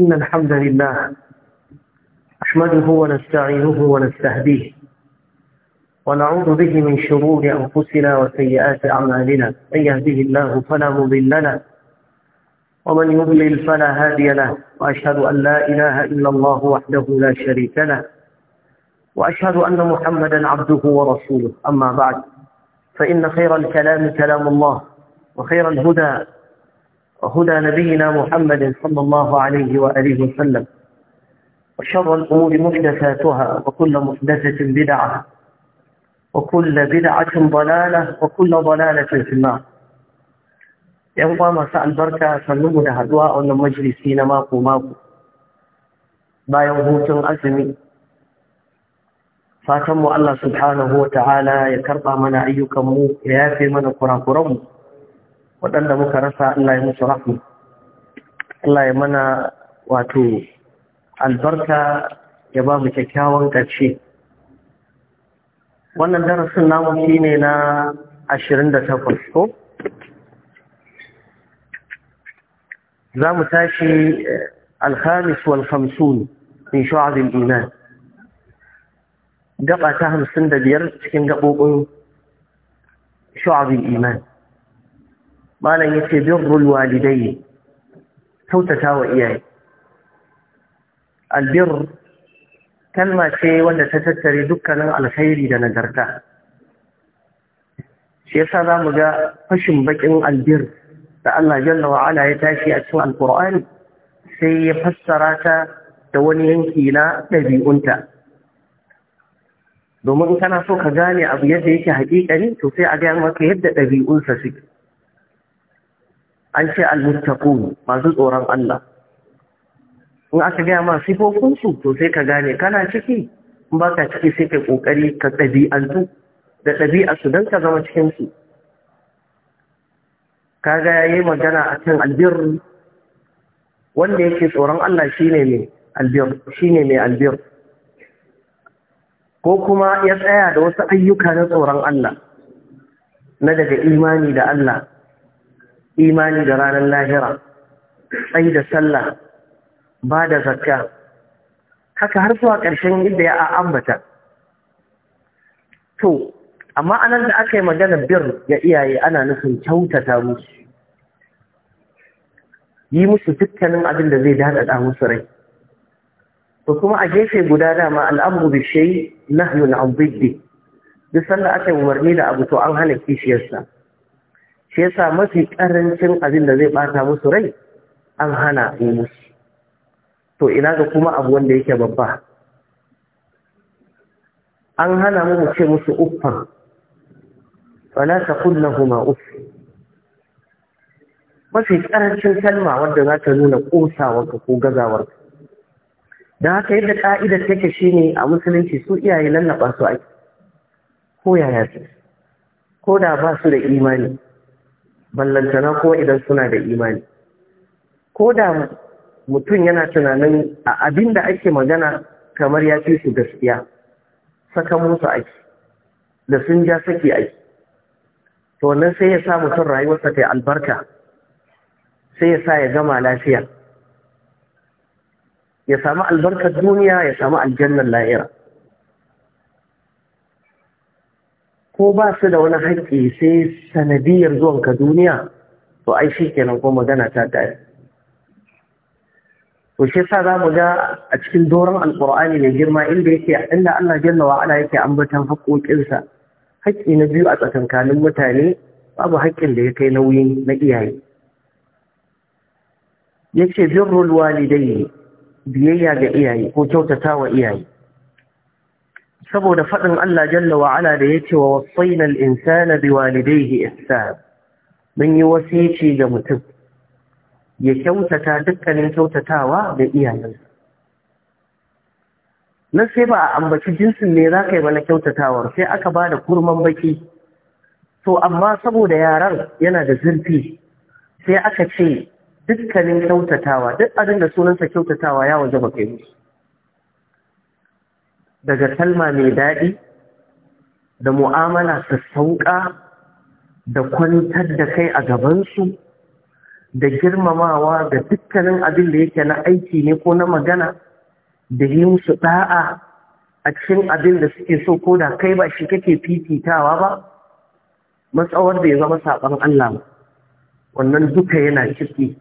إن الحمد لله أحمده ونستعينه ونستهديه ونعوذ به من شرور أنفسنا وسيئات أعمالنا من يهده الله فلا مضل له ومن يضلل فلا هادي له وأشهد أن لا إله إلا الله وحده لا شريك له وأشهد أن محمدا عبده ورسوله أما بعد فإن خير الكلام كلام الله وخير الهدى وهدى نبينا محمد صلى الله عليه وآله وسلم وشر الأمور محدثاتها وكل محدثة بدعة وكل بدعة ضلالة وكل ضلالة في النار يوضا ما سأل بركة سلمنا هدواء المجلسين ماكو ماكو ما يموت أزمي فاتم الله سبحانه وتعالى يكرطى من أيكم يافي من قرآن قرون waɗanda muka rasa Allah ya musu rahmu Allah ya mana wato albarka ya ba mu kyakkyawan ƙarshe wannan darasin namu shi ne na ashirin da takwas ko za mu tashi eh, alhamis wal hamsun min abin iman gaba ta hamsin da biyar cikin gaɓoɓin sha'abin iman malam ya yace birrul walidai kyautata wa iyaye albir kalma ce wanda ta tattare dukkanin alkhairi da nagarta shi yasa za mu ga fashin bakin albir da Allah jalla wa ya tashi a cikin alkur'ani sai ya fassara ta da wani yanki na ɗabi'unta domin kana so ka gane abu yadda yake haƙiƙa ne to sai a gaya maka yadda ɗabi'unsa suke an ce almuttaqun masu tsoron Allah in aka gaya ma sifofin su to sai ka gane kana ciki in baka ciki sai kai kokari ka ɗabi'antu da ɗabi'a su don ka zama cikin su kaga yayi magana akan albir wanda yake tsoron Allah shine ne albir shine mai albir ko kuma ya tsaya da wasu ayyuka na tsoron Allah na daga imani da Allah imani da ranar lahira tsayi da sallah ba da zakka haka har zuwa ƙarshen inda ya ambata to amma anan da aka yi maganar bir ga iyaye ana nufin kyautata musu yi musu dukkanin abin da zai daɗaɗa musu rai to kuma a gefe guda dama al'amru bi shay nahyun an duk sanda aka yi umarni da abu to an hana kishiyarsa shi yasa mafi karancin abin da zai ɓata musu rai an hana yi musu to ina ga kuma abu wanda yake babba an hana mu mu ce musu uffan wala kunna lahumu uff mafi karancin kalma wanda za ta nuna kosawarka ko gazawarka da haka yadda ƙa'idar take shine a musulunci su iyaye lallaba su ake ko yaya su ko da ba su da imani ballantana ko idan suna da imani ko da mutum yana tunanin a abin da ake magana kamar ya fi su gaskiya saka musu ake da sun ja saki ake to nan sai ya sa mutum rayuwarsa ta albarka sai ya sa ya gama lafiya ya samu albarkar duniya ya samu aljannar la'ira ko ba su da wani haƙƙi sai sanadiyar zuwanka duniya to ai shi kenan ko magana ta tare to shi yasa za mu ga a cikin doron alƙur'ani mai girma inda yake inda Allah jalla wa ala yake ambatan haƙoƙinsa haƙƙi na biyu a tsakankanin mutane babu haƙƙin da ya kai nauyin na iyaye yace birrul walidai biyayya ga iyaye ko kyautata wa iyaye saboda faɗin Allah jalla wa ala da yake wa wasainal insana biwalidayhi ihsan mun yi wasiyaci ga mutum ya kyautata dukkanin kyautatawa da iyayensa na sai ba a ambaci jinsin ne za ka yi mana kyautatawar sai aka ba da kurman baki to amma saboda yaran yana da zurfi sai aka ce dukkanin kyautatawa duk abin da sunansa kyautatawa ya waje ba kai musu daga talma mai daɗi da mu'amala sauƙa, da kwantar da kai a gabansu da girmamawa ga dukkanin abin da yake na aiki ne ko na magana da yi musu ɗa'a a cikin abin da suke so ko da kai ba shi kake fifitawa ba matsawar da ya zama saɓan Allah wannan duka yana ciki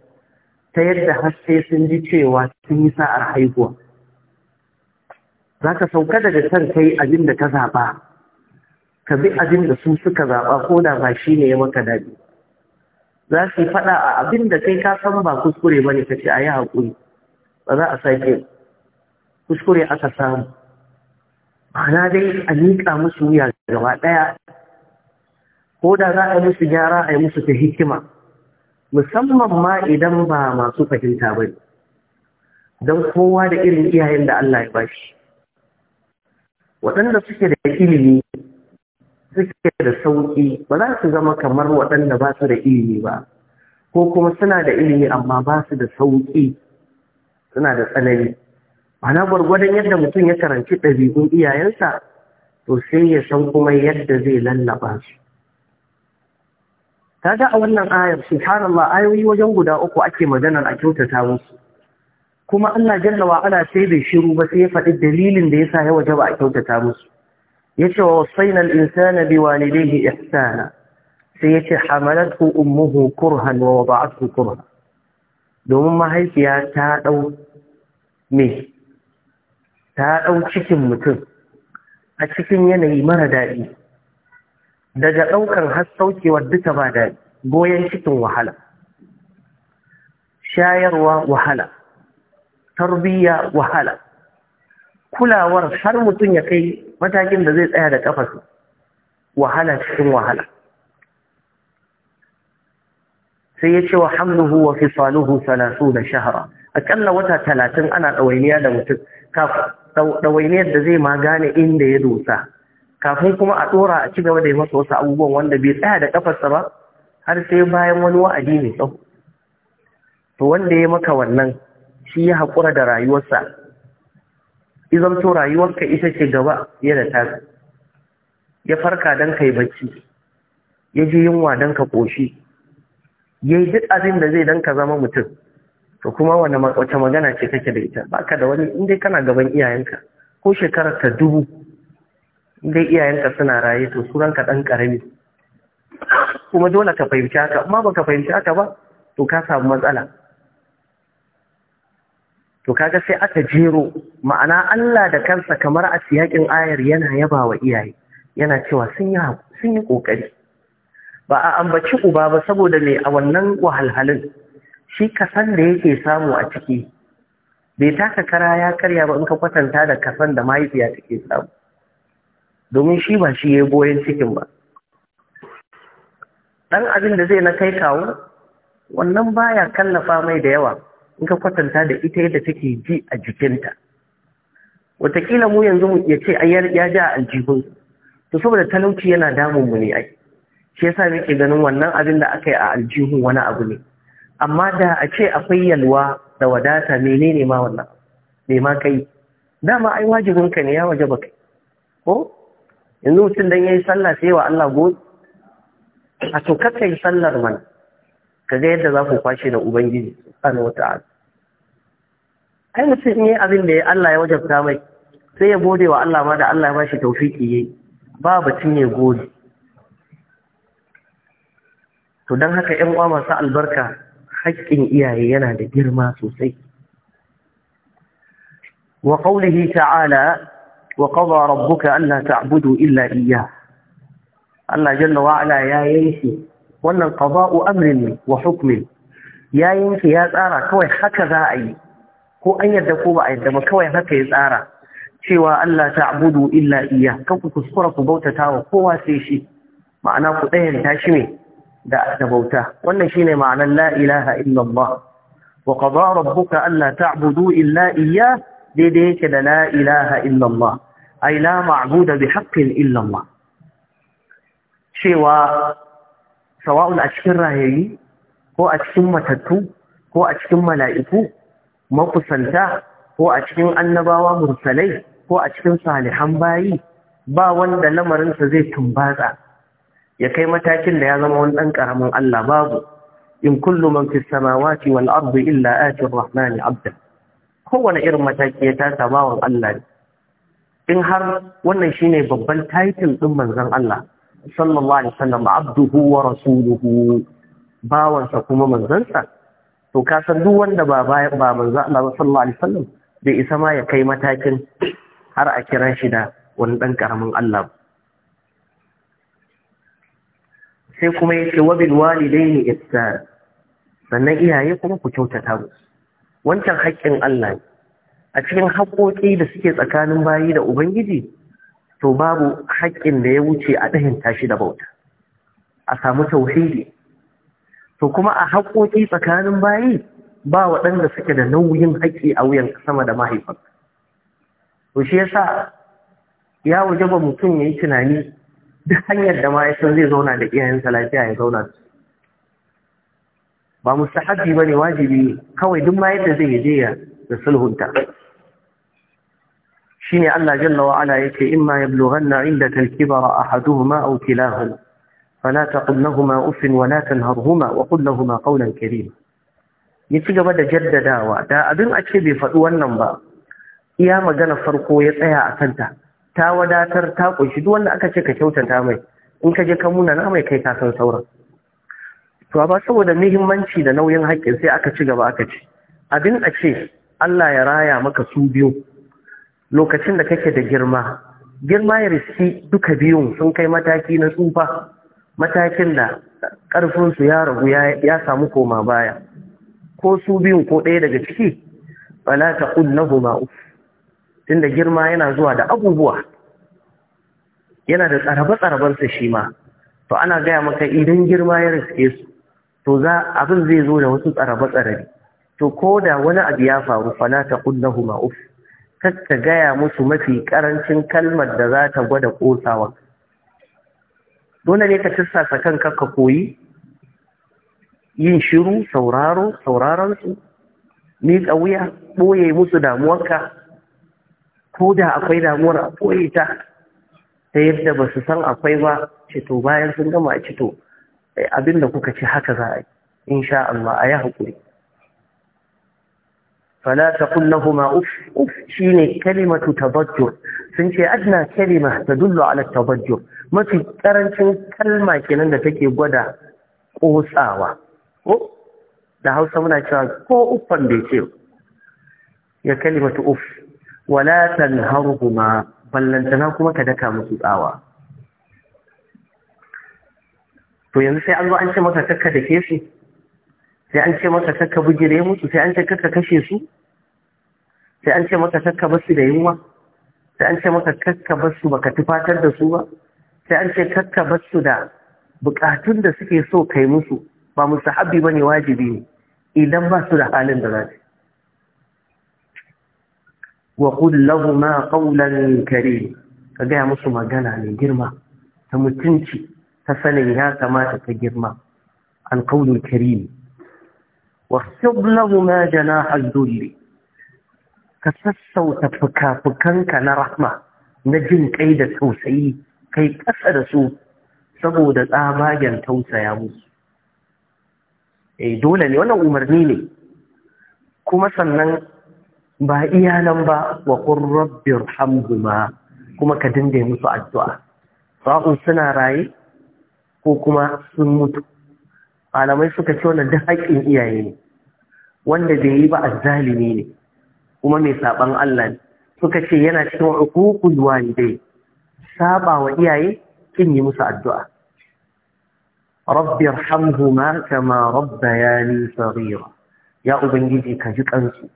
ta yadda haske sun ji cewa sun yi sa'ar haihuwa. za ka sauka daga san kai abin da ka zaɓa ka bi abin da su suka zaɓa ko da ba shi ne ya maka daɗi za su faɗa a abin da kai ka san ba kuskure ba ne ka ce a yi haƙuri ba za a sake kuskure aka samu ma'ana dai a miƙa musu wuya gaba ɗaya ko da za a yi musu gyara a yi musu ta hikima musamman ma idan ba masu fahimta ba ne don kowa da irin iyayen da Allah ya bashi waɗanda suke da ilimi suke da sauƙi ba za su zama kamar waɗanda ba su da ilimi ba ko kuma suna da ilimi amma ba su da sauƙi suna da tsanani ana gwargwadon yadda mutum ya karanci ɗabi'un iyayensa to sai ya san kuma yadda zai lallaba su Ta ga a wannan ayar subhanallah ayoyi wajen guda uku ake maganar a kyautata musu kuma Allah jalla wa ala sai bai shiru ba sai ya faɗi dalilin da yasa ya wajaba a kyautata musu ce wa wasaina al-insana biwalidayhi ihsana sai yace hamalathu ummuhu kurhan wa wada'athu kurhan domin mahaifiya ta dau me ta dau cikin mutum a cikin yanayi mara daɗi daga ɗaukar har saukewar duka ba daɗi goyon cikin wahala shayarwa wahala tarbiyya wahala kulawar har mutum ya kai matakin da zai tsaya da kafasu wahala cikin wahala sai ya ce wa hamluhu wa fisaluhu salasu da shahara akalla wata talatin ana ɗawainiya da mutum ɗawainiyar da zai ma gane inda ya dosa kafin kuma a ɗora a ci gaba da yi masa wasu abubuwan wanda bai tsaya da kafarsa ba har sai bayan wani wa'adi mai tsawo to wanda ya maka wannan shi ya haƙura da rayuwarsa izamto rayuwarka ita ce gaba fiye da tasa ya farka don kai bacci ya ji yunwa don ka ƙoshi ya yi duk abin da zai don ka zama mutum to kuma wani wace magana ce kake da ita Ba ka da wani indai kana gaban iyayenka ko shekarar ta dubu indai iyayenka suna raye to suran ka ɗan ƙarami kuma dole ka fahimci haka amma baka fahimci haka ba to ka samu matsala to kaga sai aka jero ma'ana Allah da kansa kamar a siyakin ayar yana yaba wa iyaye yana cewa sun yi sun yi kokari ba a ambaci uba ba saboda me a wannan wahalhalin shi kasan da yake samu a ciki bai taka kara ya karya ba in ka kwatanta da kasan da mahaifiya take samu domin shi ba shi ya goyon cikin ba dan abin da zai na kai kawo wannan baya kallafa mai da yawa in ka kwatanta da ita yadda take ji a jikinta watakila mu yanzu mu ya ce ya ja aljihun to saboda talauci yana damun mu ne ai shi yasa muke ganin wannan abin da aka yi a aljihun wani abu ne amma da a ce akwai yalwa da wadata menene ma wannan me ma kai dama ai wajibin ka ne ya waje baka ko yanzu mutum dan yayi sallah sai wa Allah go a to kakai sallar mana kaga yadda za ku kwashe da ubangiji subhanahu wata'ala ai mutum in yi abin da ya Allah ya wajabta mai sai ya gode wa Allah ma da Allah ya bashi tawfiki yayi ba batun ya gode to don haka ‘yan uwa masu albarka haƙƙin iyaye yana da girma sosai wa ƙaunihi ta'ala wa ƙawa rabbuka Allah ta'budu illa iya Allah jalla wa'ala ya yanke wannan qada'u amrin ne wa hukmin ya yanke ya tsara kawai haka za a yi ko an yadda ko ba a yadda ma kawai haka ya tsara cewa Allah ta'budu illa iya kan ku kuskura ku bautata wa kowa sai shi ma'ana ku ɗayanta shi ne da bauta wannan shine ma'anar la ilaha illa wa qada rabbuka ta ta'budu illa iya daidai yake da la ilaha illa Allah ai la ma'budu bi haqqin illa cewa sawa'un a cikin rayayi ko a cikin matattu ko a cikin mala'iku makusanta ko a cikin annabawa mursalai ko a cikin salihan bayi ba wanda lamarinsa zai tumbatsa ya kai matakin da ya zama wani ɗan ƙaramin Allah babu in kullu man fi samawati wal ardi illa ati rahmani abda kowane irin mataki ya tasa bawan Allah ne in har wannan shine babban title din manzon Allah sallallahu alaihi wasallam abduhu wa rasuluhu bawansa kuma manzansa to ka san duk wanda ba ba manzo Allah sallallahu alaihi wasallam bai isa ma ya kai matakin har a kira shi da wani dan karamin Allah sai kuma yace wa bil walidaini ihsan sannan iyaye kuma ku kyautata wancan haƙƙin Allah a cikin haƙoƙi da suke tsakanin bayi da ubangiji to babu haƙƙin da ya wuce a ɗahin tashi da bauta a samu tauhidi to kuma a haƙƙoƙi tsakanin bayi ba waɗanda suke da nauyin haƙƙi a wuyan sama da mahaifar. to shi yasa ya waje ba mutum ya yi tunani duk hanyar da mahaifin zai zauna da iyayensa lafiya ya zauna su ba ba ne wajibi kawai duk ma yadda zai je da sulhunta shine Allah jalla wa ala yake imma yablughanna indaka al-kibara ahaduhuma aw kilahuma fala taqul lahumu uffin wa la tanharhuma wa qul lahumu qawlan karima ya ci gaba da jaddadawa da abin a ce bai faɗi wannan ba iya magana farko ya tsaya a kanta ta wadatar ta ƙunshi duk wanda aka ce ka kyautata mai in ka je ka muna na mai kai ka san sauran to ba saboda muhimmanci da nauyin haƙƙin sai aka ci gaba aka ci. abin a ce Allah ya raya maka su biyu lokacin da kake da girma girma ya riski duka biyun sun kai mataki na tsufa matakin da ƙarfinsu ya ragu ya samu koma baya ko su biyun ko ɗaya daga ciki na ta ƙunnahu ma'uf tunda girma yana zuwa da abubuwa yana da tsarabe-tsarabensa shi ma to ana gaya maka idan girma ya riske su to za abin zai zo da wasu tsarabe-tsarabe to ko da wani abu ya faru fala ta ƙunnahu ma'uf ka gaya musu mafi karancin kalmar da za ta gwada kosawa dole ne ka tissasa kanka ka koyi yin shiru sauraro sauraron su miƙa wuya ɓoye musu damuwarka ko da akwai damuwar a ɓoye ta ta yadda ba su san akwai ba ceto bayan sun gama a ceto eh, abin da kuka ci haka za a yi insha Allah a yi haƙuri فلا تقل لهما أف أف شيني كلمة تضجر سنشي أدنى كلمة تدل على التضجر ما في كرنشن كلمة كنان تكي بدا قوساوة da hausa muna cewa ko uffan bai ce ya kalimatu uff wala tanharhuma ballantana kuma ka daka musu tsawa to yanzu sai an an ce maka kakka da ke sai an ce maka takka bujire musu sai an ce kaka kashe su sai an ce maka takka basu da yunwa sai an ce maka kaka basu baka tufatar da su ba sai an ce kaka basu da bukatun da suke so kai musu ba musu habi bane wajibi ne idan ba su da halin da za su wa qul lahumā qawlan karim ka gaya musu magana mai girma ta mutunci ta sanin ya kamata ta girma alqawlul karim ka واخفض لهما na rahma na jin نرحمة da كيد kai ƙasa da su saboda tsabagen tausaya musu eh dole ne wannan umarni ne kuma sannan ba iya nan ba wa qur rabbir hamhuma kuma ka dinde musu addu'a sa'un suna raye ko kuma sun mutu malamai suka ce wannan duk haƙƙin iyaye ne wanda bai yi ba azzalimi ne kuma mai saɓan Allah ne suka ce yana cikin hukukul walidai saba wa iyaye kin yi musu addu'a rabbi irhamhuma kama rabbayani saghira ya ubangiji ka ji kansu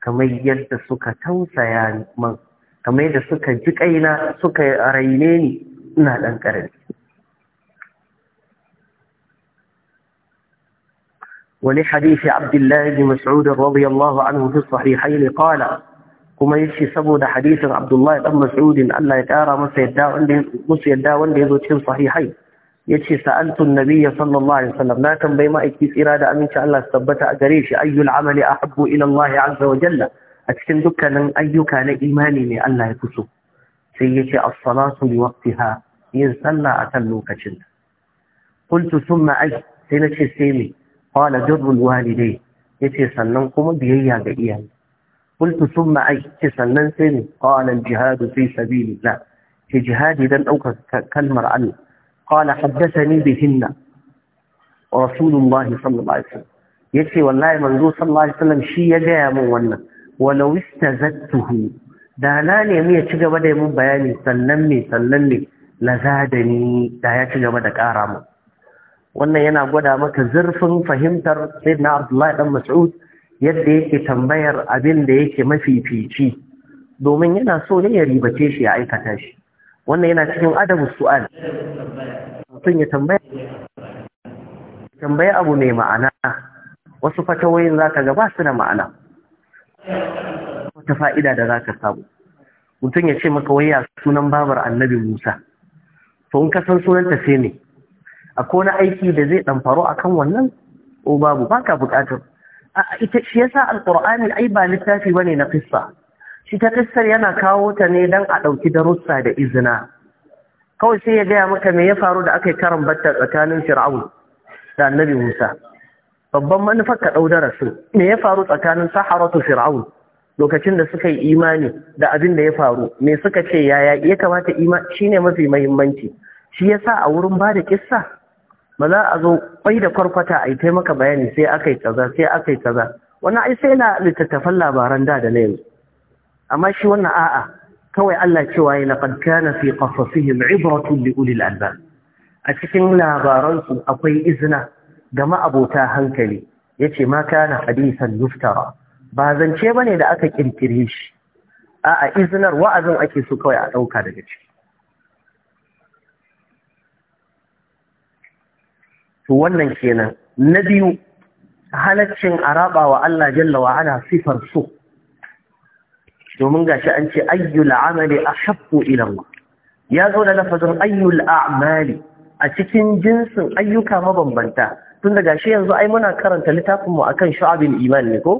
kamar yadda suka tausaya man kamar yadda suka ji kaina suka raine ni ina dan karami ولحديث عبد الله بن مسعود رضي الله عنه في الصحيحين قال kuma yace saboda hadisin Abdullah dan Mas'udin Allah ya kara masa yadda wanda musu yadda wanda yazo cikin sahihai yace sa'altu an-nabiyya sallallahu alaihi wasallam na tambayi ma'aiki tsira da aminci Allah su tabbata a gare shi ayyul amali ahabbu ila Allah azza wa jalla a cikin dukkanin ayyuka na imani ne Allah ya fuso sai yace as-salatu li waqtiha yin sallah akan lokacin qultu thumma ay sai nace sai me قال جر الوالدين يتي سنن كما بيهيا بيهيا قلت ثم أي تسنن سن قال الجهاد في سبيل الله في جهاد دن أوك كالمر قال حدثني بهن رسول الله صلى الله عليه وسلم يتي والله من صلى الله عليه وسلم شي يجايا من ولو استزدته دانالي مية تجا بدأ من بياني سنن لي سنن لي لزادني دا يتجا بدأ كارامو wannan yana gwada maka zurfin fahimtar sayyidina abdullahi dan mas'ud yadda yake tambayar abin da yake mafifici domin yana so ne ya ribace shi ya aikata shi wannan yana cikin adabu su'al mutum ya tambaya tambaya abu mai ma'ana wasu fatawoyin zaka ga ba su da ma'ana wata fa'ida da zaka samu mutum ya ce maka waya sunan babar annabi Musa to in ka san sunanta sai ne akwai na aiki da zai dan faru akan wannan o babu baka buƙatar ita shi yasa alqur'ani ai ba littafi bane na kissa shi ta kissar yana kawo ta ne dan a dauki darussa da izina kawai sai ya gaya maka me ya faru da aka yi karin batta tsakanin fir'aun da annabi musa babban manufar ka dau darasin me ya faru tsakanin saharatu fir'aun lokacin da suka yi imani da abin da ya faru me suka ce yaya ya kamata imani shine mafi muhimmanci shi yasa a wurin ba da kissa ba za a zo kwai da kwarkwata a yi taimaka bayani sai aka yi kaza sai aka yi kaza wannan ai sai na littattafan labaran da da na yanzu amma shi wannan a'a kawai Allah cewa ya laqad kana fi qasasihim ibratu li ulil albab a cikin labaran su akwai izina ga ma'abota hankali yace ma kana hadisan yuftara ba zance bane da aka kirkire shi a'a izinar wa'azin ake so kawai a dauka daga ciki to wannan kenan na biyu halaccin araba wa Allah jalla wa ala sifar so domin gashi an ce ayyul amali ahabbu ila Allah ya zo da lafazin ayyul a'mali a cikin jinsin ayyuka mabambanta tun da gashi yanzu ai muna karanta littafin mu akan shu'abul iman ne ko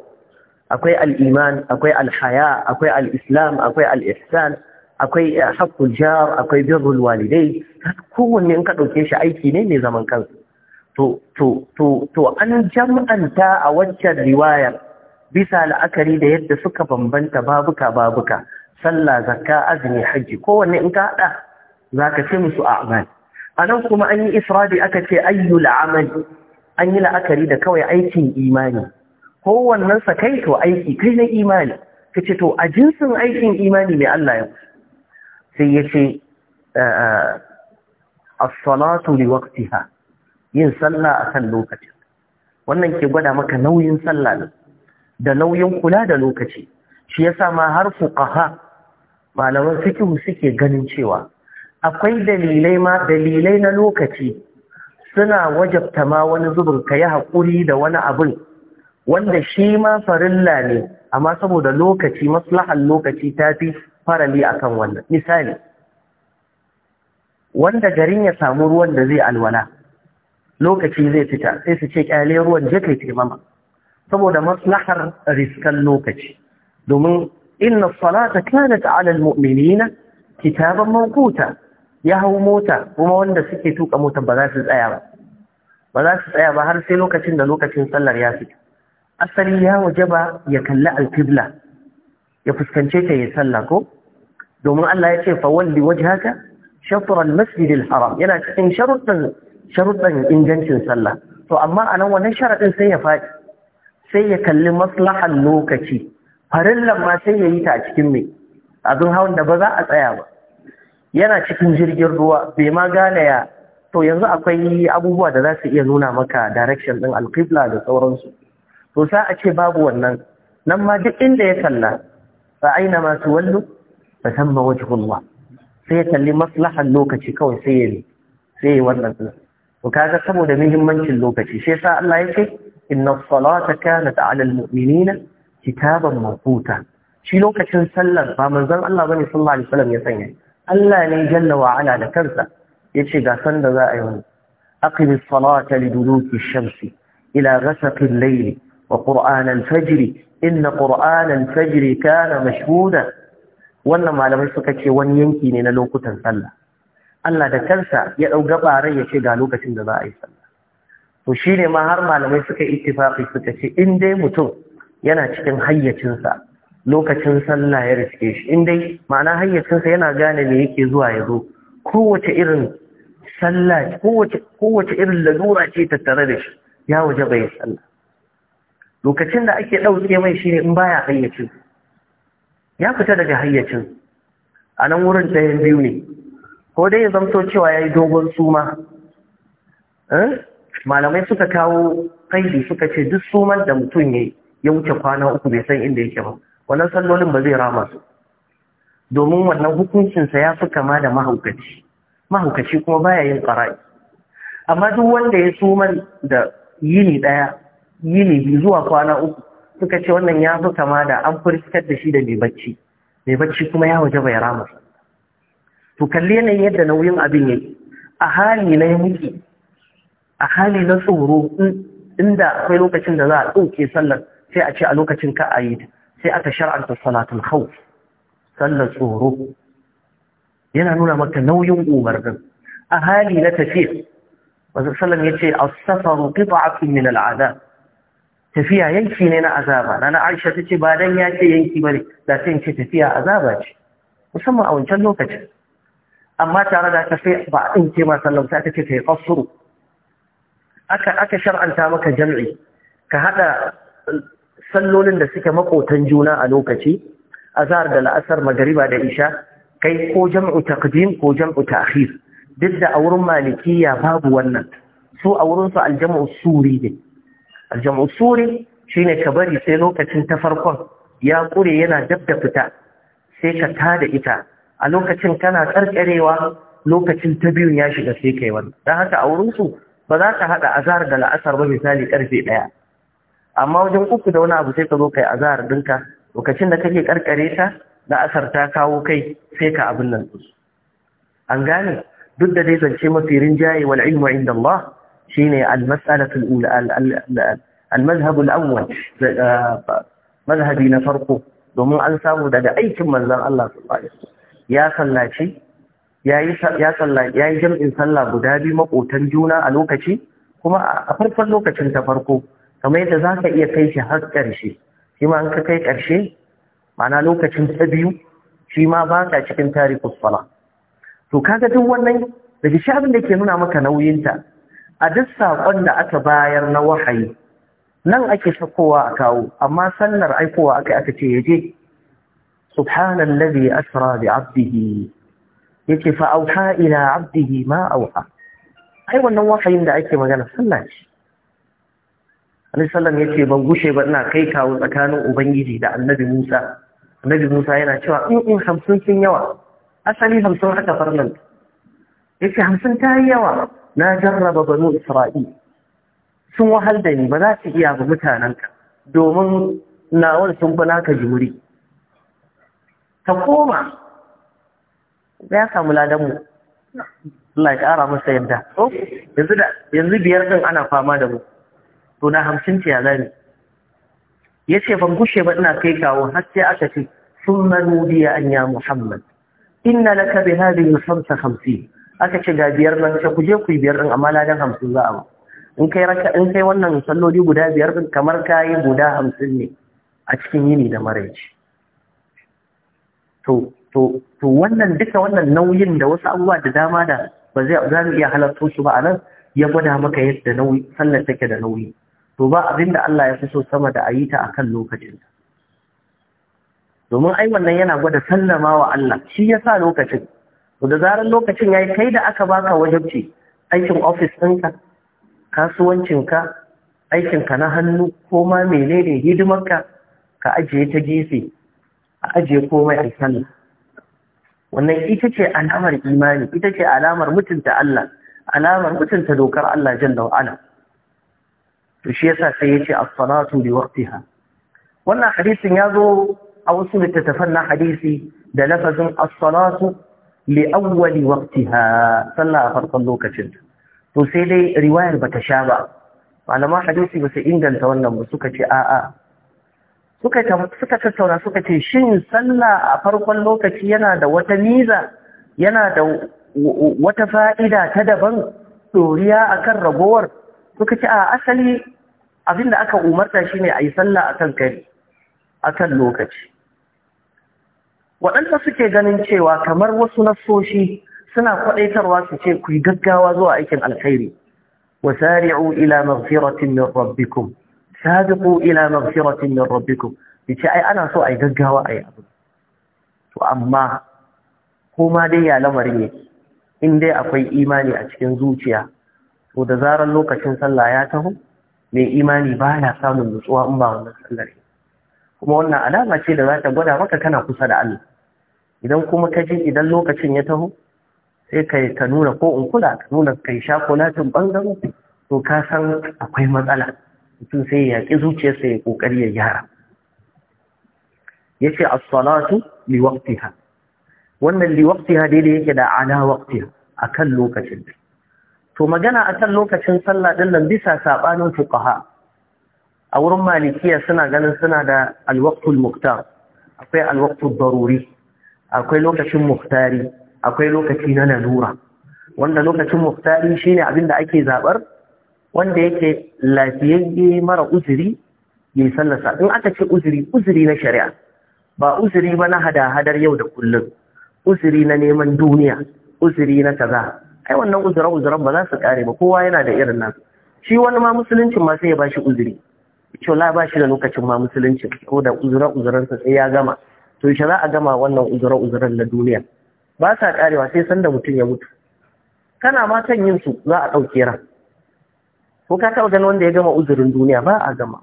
akwai al-iman akwai al-haya akwai al-islam akwai al-ihsan akwai haqqul jar akwai birrul walidai kowanne in ka dauke shi aiki ne mai zaman kansa to an jam'anta a waccan riwayar bisa la'akari da yadda suka bambanta babuka babuka sallah zakka azumi hajji kowanne in ka hada zaka ce musu a'mal anan kuma an yi ifradi aka ce ayyul amali an yi la'akari da kawai aikin imani kowannen sa kai to aiki kai na imani kace to a jinsin aikin imani mai Allah ya sai yace as-salatu li waqtiha yin sallah a kan lokacin wannan ke gwada maka nauyin sallah ne da nauyin kula da lokaci shi ya ma har fuqaha malaman fiqh suke ganin cewa akwai dalilai ma dalilai na lokaci suna wajabta ma wani zubin ka yi haƙuri da wani abin wanda shi ma farilla ne amma saboda lokaci maslahar lokaci ta fi farali akan wannan misali wanda garin ya samu ruwan da zai alwala lokaci zai fita sai su ce kyale ruwan je kai taimama saboda maslahar riskan lokaci domin inna salata kanat ala almu'minina kitaban mawquta ya hau mota kuma wanda suke tuka mota ba za su tsaya ba ba za su tsaya ba har sai lokacin da lokacin sallar ya fita asali ya wajaba ya kalli alqibla ya fuskance ta ya sallah ko domin Allah ya ce fa walli wajhaka shatr Al-Haram yana cikin sharuɗin sharuɗan ingancin sallah to amma a nan wannan sharaɗin sai ya faɗi sai ya kalli maslahan lokaci farillan ma sai ya yi ta a cikin mai abin hawan da ba za a tsaya ba yana cikin jirgin ruwa bai ma gane ya to yanzu akwai abubuwa da za su iya nuna maka direction ɗin alƙibla da sauransu to sa a ce babu wannan nan ma duk inda ya kalla fa aina ma tuwallu fa thamma wajhullah sai ya kalli maslahan lokaci kawai sai ya sai ya wannan to kaga saboda muhimmancin lokaci sai sa Allah ya ce inna salata kanat ala almu'minina kitaban mawquta shi lokacin sallar ba manzon Allah bane sallallahu alaihi wasallam ya sanya Allah ne jalla wa ala da kansa yace ga san da za a yi wani aqimi salata liduluki shamsi ila ghasaqi al-layl wa qur'an al-fajr inna qur'an al-fajr kana mashhuda wannan malamai suka ce wani yanki ne na lokutan sallah Allah da kansa ya ɗau gabarai ya ce ga lokacin da za a yi sallah to shi ne ma har malamai suka yi ittifaqi suka ce in dai mutum yana cikin hayyacinsa lokacin sallah ya riske shi in dai ma'ana hayyacinsa yana gane me yake zuwa ya zo kowace irin sallah kowace kowace irin lalura ce tattare da shi ya waje bai sallah lokacin da ake ɗauke mai shi ne in baya hayyacin ya fita daga hayyacin a nan wurin ɗayan biyu ne ko dai ya zamto cewa ya yi dogon suma eh? malamai suka kawo kaidi suka ce duk suman da mutum ya ya wuce kwana uku bai san inda yake ba wannan sallolin ba zai rama su domin wannan hukuncinsa ya fi kama da mahaukaci mahaukaci kuma baya yin ƙara'i amma duk wanda ya suman da yini ɗaya yini biyu zuwa kwana uku suka ce wannan ya fi kama da an furfitar da shi da mai bacci mai bacci kuma ya waje bai rama su to kalli ne yadda nauyin abin yake a hali na yanki a hali na tsoro inda akwai lokacin da za a ɗauke sallar sai a ce a lokacin ka a sai aka shar'anta salatul khawf sallar tsoro yana nuna maka nauyin umarnin a hali na tafiya wasu sallam ya ce a safaru qita'atun min al'ada tafiya yanki ne na azaba na Aisha ta ce ba dan ya ce yanki bane da sai ce tafiya azaba ce musamman a wancan lokacin amma tare da ka sai ba a ɗauke ma sallan aka ce ka yi ƙasuru aka aka shar'anta maka jam'i ka haɗa sallolin da suke maƙotan juna a lokaci a zahar da la'asar magariba da isha kai ko jam'u taqdim ko jam'u ta'khir duk da a wurin maliki ya babu wannan su a wurin su aljam'u suri ne aljam'u suri shine ka bari sai lokacin ta farkon ya kure yana dab da fita sai ka tada ita a lokacin kana karkarewa lokacin ta biyun ya shiga sai kai wani don haka a wurinsu ba za ka haɗa azahar da la'asar ba misali karfe ɗaya amma wajen uku da wani abu sai ka zo kai azahar ɗinka lokacin da kake karkare ta la'asar ta kawo kai sai ka abin nan an gane duk da dai zance mafi rinjaye wal ilmu inda Allah shine al-mas'alatul ula al awwal eh, mazhabi na farko domin an samu daga aikin manzon Allah sallallahu alaihi wasallam ya sallaci ya yi jam'in sallah guda biyu makotan juna a lokaci kuma a farkon lokacin ta farko kamar yadda za ka iya kai shi har ƙarshe shi ma an ka kai ƙarshe mana lokacin ta biyu shi ma ba ka cikin tarikus fala to kaga duk wannan daga shi abin da ke nuna maka nauyinta a duk saƙon da aka bayar na wahayi nan ake sakowa a kawo amma sallar aikowa aka aka ce ya je سبحان الذي أسرى بعبده yake fa auha ma auha ai wannan wahayin da ake magana sallah ce sallam yace ban gushe ba ina kai kawo tsakanin ubangiji da Annabi Musa Annabi Musa yana cewa in hamsin sun yawa asali hamsin haka farlan yace hamsin ta yi yawa na jarraba banu Isra'il sun wahal da ni ba za iya ba ka. domin nawar sun fi naka ka koma ya samu ladan mu Allah ya ƙara masa yadda oh, yanzu da yanzu biyar din ana fama da mu to na hamsin ce ya ne ya ce ban gushe ba ina kai kawo har sai aka ce sun manudiya an ya muhammad inna laka bi hadhihi samsa hamsin aka ce ga biyar nan ce ku je ku yi biyar din amma ladan hamsin za a ba in kai raka in kai wannan salloli guda biyar din kamar kayi guda hamsin ne a cikin yini da maraici to wannan duka wannan nauyin da wasu abubuwa da dama da ba zai za mu iya halarta su ba anan ya gwada maka yadda nauyi sallar take da nauyi to ba abin da Allah ya fi so sama da ayi ta akan lokacin domin ai wannan yana gwada sallama wa Allah shi yasa lokacin to da zarar lokacin yayi kai da aka baka wajibci aikin ofis ɗinka kasuwancinka aikinka na hannu ko ma menene hidimarka ka ajiye ta gefe a ajiye komai a sallah wannan ita ce alamar imani ita ce alamar mutunta Allah alamar mutunta dokar Allah jalla wa'ala to shi yasa sai yace as-salatu li waqtiha wannan hadisin ya zo a wasu littattafan na hadisi da lafazin as-salatu li awwali waqtiha sallah a farkon lokacin to sai dai riwayar bata sha ba malaman hadisi ba su inganta wannan ba suka ce a'a suka tattauna suka ce shin sallah a farkon lokaci yana da wata niza yana da wata fa'ida ta daban doriya akan ragowar suka ce a asali abin da aka umarta shi a yi sallah akan a kan lokaci waɗanda suke ganin cewa kamar wasu nassoshi suna kwaɗaitarwa su ce ku yi gaggawa zuwa aikin alkhairi wasari'u ila maghfiratin min rabbikum sabiqu ila maghfiratin min rabbikum yace ai ana so ai gaggawa ai abu to amma kuma dai ya lamarin yake in dai akwai imani a cikin zuciya to da zarar lokacin sallah ya taho mai imani ba ya samun nutsuwa in ba wannan sallar kuma wannan alama ce da za ta gwada maka kana kusa da Allah idan kuma ka ji idan lokacin ya taho sai kai ka nuna ko in kula ka nuna kai latin bangaren to ka san akwai matsala mutum sai ya yaƙi zuciyarsa ya ƙoƙari ya gyara yace as-salatu li wannan li ha daidai yake da ala a akan lokacin to magana a akan lokacin sallah ɗin nan bisa saɓanin fuqaha a wurin malikiya suna ganin suna da alwaktul muktar akwai alwaktul daruri akwai lokacin muktari akwai lokaci na lalura wanda lokacin muktari shine abin da ake zaɓar? wanda yake lafiyayye mara uzuri ya sallasa in aka ce uzuri uzuri na shari'a ba uzuri ba na hada-hadar yau da kullum uzuri na neman duniya uzuri na kaza ai wannan uzuran uzuran ba za su kare ba kowa yana da irin nasu. shi wani ma musuluncin ma sai ya bashi uzuri ce la shi da lokacin ma musuluncin ko da uzuran uzuran sa sai ya gama to shi za a gama wannan uzuran uzuran na duniya ba sa karewa sai sanda mutum ya mutu kana ma kan yin su za a ɗauke ran ko ka taɓa ganin wanda ya gama uzurin duniya ba a gama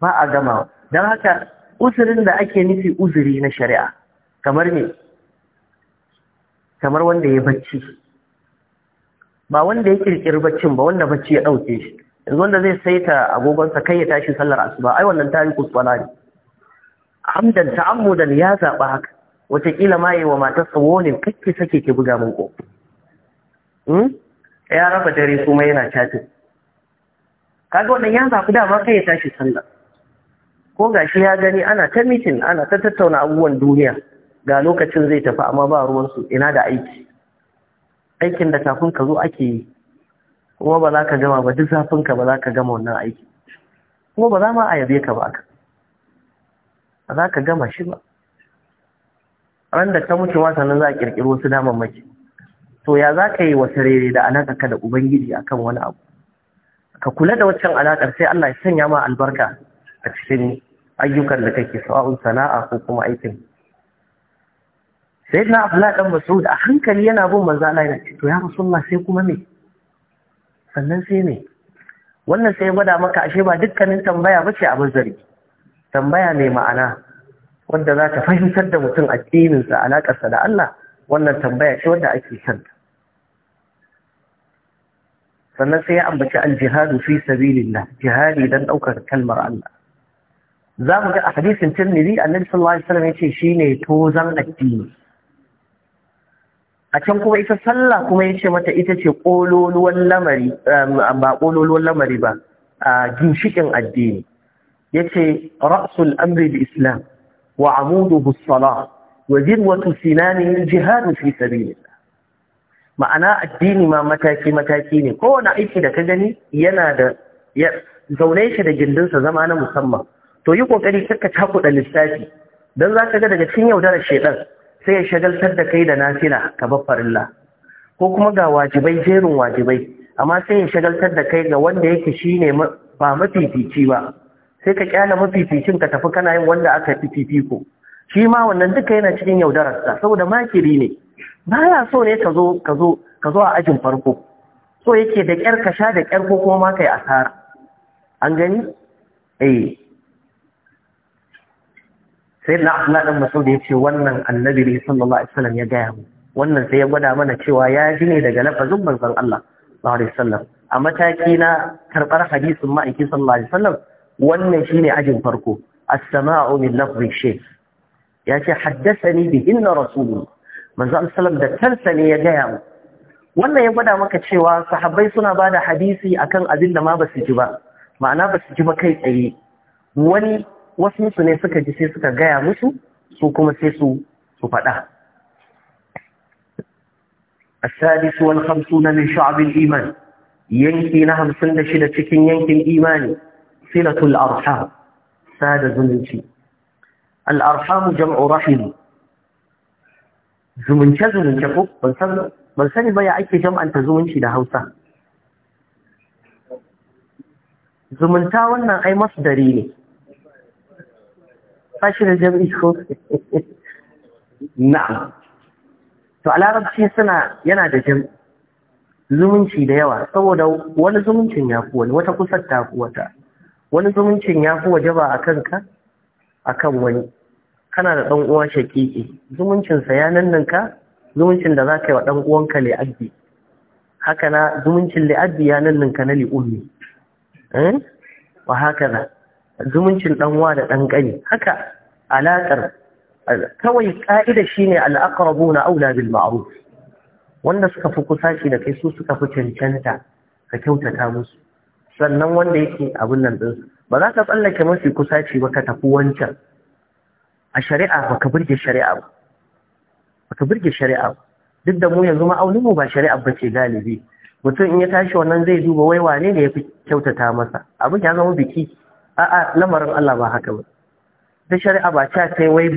ba a gama don haka uzurin da ake nufi uzuri na shari'a kamar ne kamar wanda ya bacci ba wanda ya kirkiri baccin ba wanda bacci ya ɗauke shi yanzu wanda zai saita agogonsa kai ya tashi sallar asuba ai wannan yi kuskwala ne hamdan ta'ammudan ya zaɓa haka wataƙila ma yi wa matarsa wonin kakki sake ke buga min ko hmm? ya raba dare kuma yana chatting kaga wannan ya zafi dama kai ya tashi sallah ko gashi ya gani ana ta mitin ana ta tattauna abubuwan duniya ga lokacin zai tafi amma ba ruwansu ina da aiki aikin da kafin ka zo ake yi kuma ba za ka gama ba duk zafin ka ba za ka gama wannan aiki kuma ba za ma a yabe ka ba ka ba za ka gama shi ba ran da ka mutu ma sannan za a kirkiro wasu damammaki to ya za ka yi wasu rere da alaka ka da ubangiji akan wani abu ka kula da waccan alaƙar sai Allah ya sanya ma albarka a cikin ayyukan da kake sawa'un sana'a ko kuma aikin sai na abdullahi dan mas'ud a hankali yana bin manzo Allah yana to ya rasulullah sai kuma me sannan sai me wannan sai gwada maka ashe ba dukkanin tambaya bace a bazari tambaya mai ma'ana wanda za ta fahimtar da mutum addininsa alaƙarsa da Allah wannan tambaya ce wanda ake son sannan sai ya ambaci Aljihadu fi sabilillah jihadi dan daukar kalmar Allah za mu ga a hadisin Tirmidhi annabi sallallahu alaihi wasallam yace shine tozan addini a can kuma ita sallah kuma yace mata ita ce kololuwan lamari um, ba kololuwan lamari ba a ginshikin addini yace ra'sul amri bil islam wa amuduhu as-salah wa dirwatu sinani al-jihad fi sabilillah ma'ana addini ma mataki-mataki ne kowane aiki da ka gani yana da ya zaune shi da gindinsa zama na musamman to yi kokari kakka da lissafi don za ka ga daga cikin yaudarar shaidan sai ya shagaltar da kai da nafila ka farilla ko kuma ga wajibai jerin wajibai amma sai ya shagaltar da kai ga wanda yake shi ne ba mafifici ba sai ka kyala mafificin ka tafi kana yin wanda aka fi fifiko shi ma wannan duka yana cikin yaudararsa saboda makiri ne ba ya so ne ka zo ka zo ka zo a ajin farko so yake da ƙyar ka sha da ƙyar ko kuma kai asara an gani eh sai na Abdullah dan Mas'ud ya ce wannan annabi ne sallallahu alaihi wasallam ya gaya mu wannan sai ya gwada mana cewa ya ji ne daga lafazin manzon Allah sallallahu alaihi wasallam a mataki na karbar hadisin ma'aiki sallallahu alaihi wasallam wannan shine ajin farko as-sama'u min lafzi shaykh ya ce haddathani bi inna rasulullah manzo sallam da kansa ne ya gaya mu wannan ya gwada maka cewa sahabbai suna ba da hadisi akan abin da ma ba su ji ba ma'ana ba su ji ba kai tsaye wani wasu su ne suka ji sai suka gaya musu su kuma sai su su faɗa السادس والخمسون من شعب الإيمان yanki na hamsin da shida cikin yankin imani silatul arham sada zumunci al'arhamu jam'u rahim zumunce zumunce ko ban san sani ba ya ake jam'anta zumunci da Hausa zumunta wannan ai dare ne fashi da jam'i ko na'am to a larabci suna yana da jam'i zumunci da yawa saboda wani zumuncin ya fi wani wata kusa ta fi wata wani zumuncin ya fi waje ba a kanka a kan wani kana da ɗan uwa shaƙiƙi zumuncinsa ya nannanka zumuncin da za ka yi wa ɗan uwanka li'abdi haka na zumuncin li'addi ya nannanka na li'ummi eh? wa haka na zumuncin ɗan uwa da ɗan ƙani haka alaƙar kawai ƙa'ida shi ne al'aƙarabu na aula bil ma'ruf wanda suka fi kusa shi da kai su suka fi cancanta ka kyautata musu sannan wanda yake abin nan ɗinsu ba za ka tsallake mafi kusa ba ka tafi wancan a shari'a baka burge shari'a ba baka burge shari'a ba duk da mu yanzu ma'aunin mu ba shari'a ba ce galibi mutum in ya tashi wannan zai duba wai wane ne fi kyautata masa abin ya zama biki a'a lamarin Allah ba haka ba da shari'a ba ta sai wai